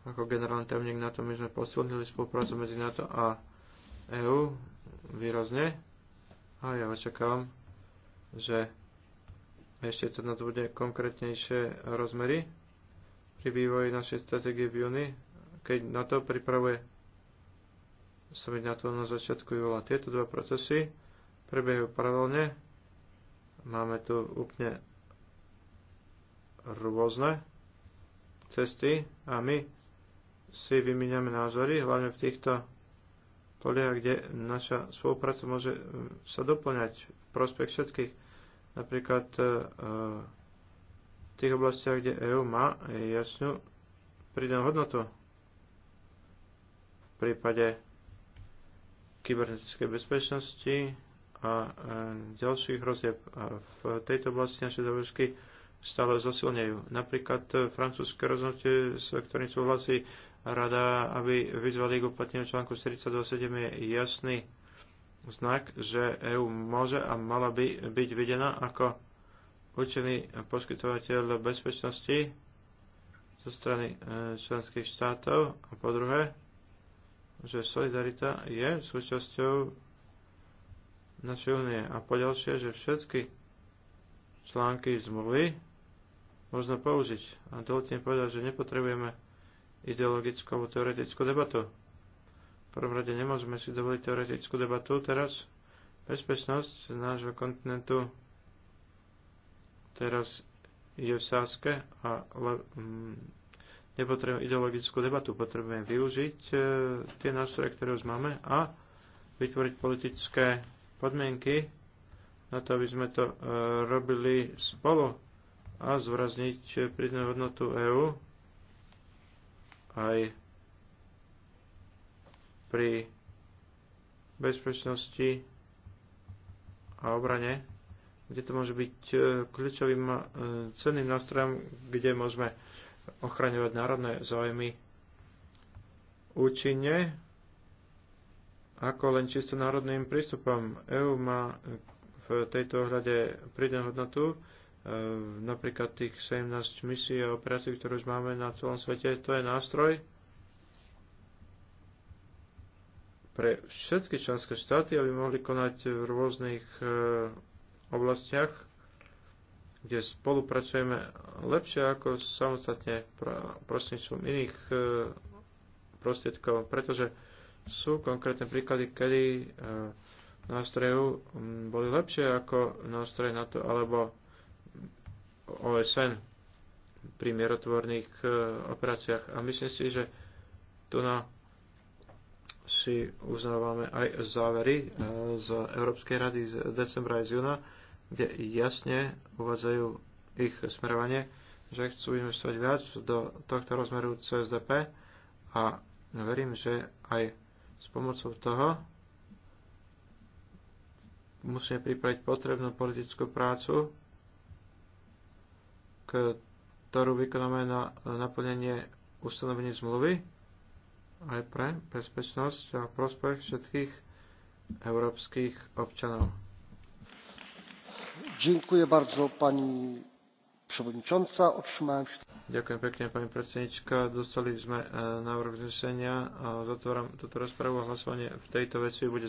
ako generálny tajomník NATO, my sme posilnili spoluprácu medzi NATO a EU výrazne a ja očakávam, že ešte to bude konkrétnejšie rozmery pri vývoji našej stratégie v júni, keď na to pripravuje summit na to na začiatku júla. Tieto dva procesy prebiehajú paralelne. Máme tu úplne rôzne cesty a my si vymieňame názory, hlavne v týchto poliach, kde naša spolupráca môže mm, sa doplňať v prospech všetkých Napríklad e, v tých oblastiach, kde EÚ má jasnú pridanú hodnotu. V prípade kybernetickej bezpečnosti a e, ďalších hrozieb. V tejto oblasti naše záväzky stále zasilňujú. Napríklad e, francúzske rozhodnutie, s ktorým súhlasí rada, aby vyzvali k uplatneniu článku 427, je jasný znak, že EÚ môže a mala by byť videná ako určený poskytovateľ bezpečnosti zo strany e, členských štátov a po druhé, že solidarita je súčasťou našej únie a po ďalšie, že všetky články zmluvy možno použiť. A dovolte mi povedať, že nepotrebujeme ideologickú alebo teoretickú debatu prvom rade nemôžeme si dovoliť teoretickú debatu teraz. Bezpečnosť nášho kontinentu teraz je v sáske a mm, nepotrebujeme ideologickú debatu, potrebujeme využiť e, tie nástroje, ktoré už máme a vytvoriť politické podmienky na to, aby sme to e, robili spolu a zvrazniť pridanú hodnotu EÚ aj pri bezpečnosti a obrane, kde to môže byť e, kľúčovým e, cenným nástrojom, kde môžeme ochraňovať národné záujmy účinne, ako len čisto národným prístupom. EU má v tejto ohľade prídenú hodnotu, e, napríklad tých 17 misií a operácií, ktoré už máme na celom svete, to je nástroj, pre všetky členské štáty, aby mohli konať v rôznych eh, oblastiach, kde spolupracujeme lepšie ako samostatne prostredníctvom iných eh, prostriedkov, pretože sú konkrétne príklady, kedy eh, nástroje mm, boli lepšie ako nástroje NATO alebo OSN pri mierotvorných operáciách. A myslím si, že tu na si uznávame aj závery e, z Európskej rady z decembra aj z júna, kde jasne uvádzajú ich smerovanie, že chcú investovať viac do tohto rozmeru CSDP a verím, že aj s pomocou toho musíme pripraviť potrebnú politickú prácu, ktorú vykonáme na naplnenie ustanovení zmluvy aj pre bezpečnosť a prospech všetkých európskych občanov. Dziękuję bardzo pani przewodnicząca. Otrzymałem Ďakujem pekne, pani predsednička. Dostali sme e, návrh znesenia a Zatváram túto rozpravu a hlasovanie v tejto veci bude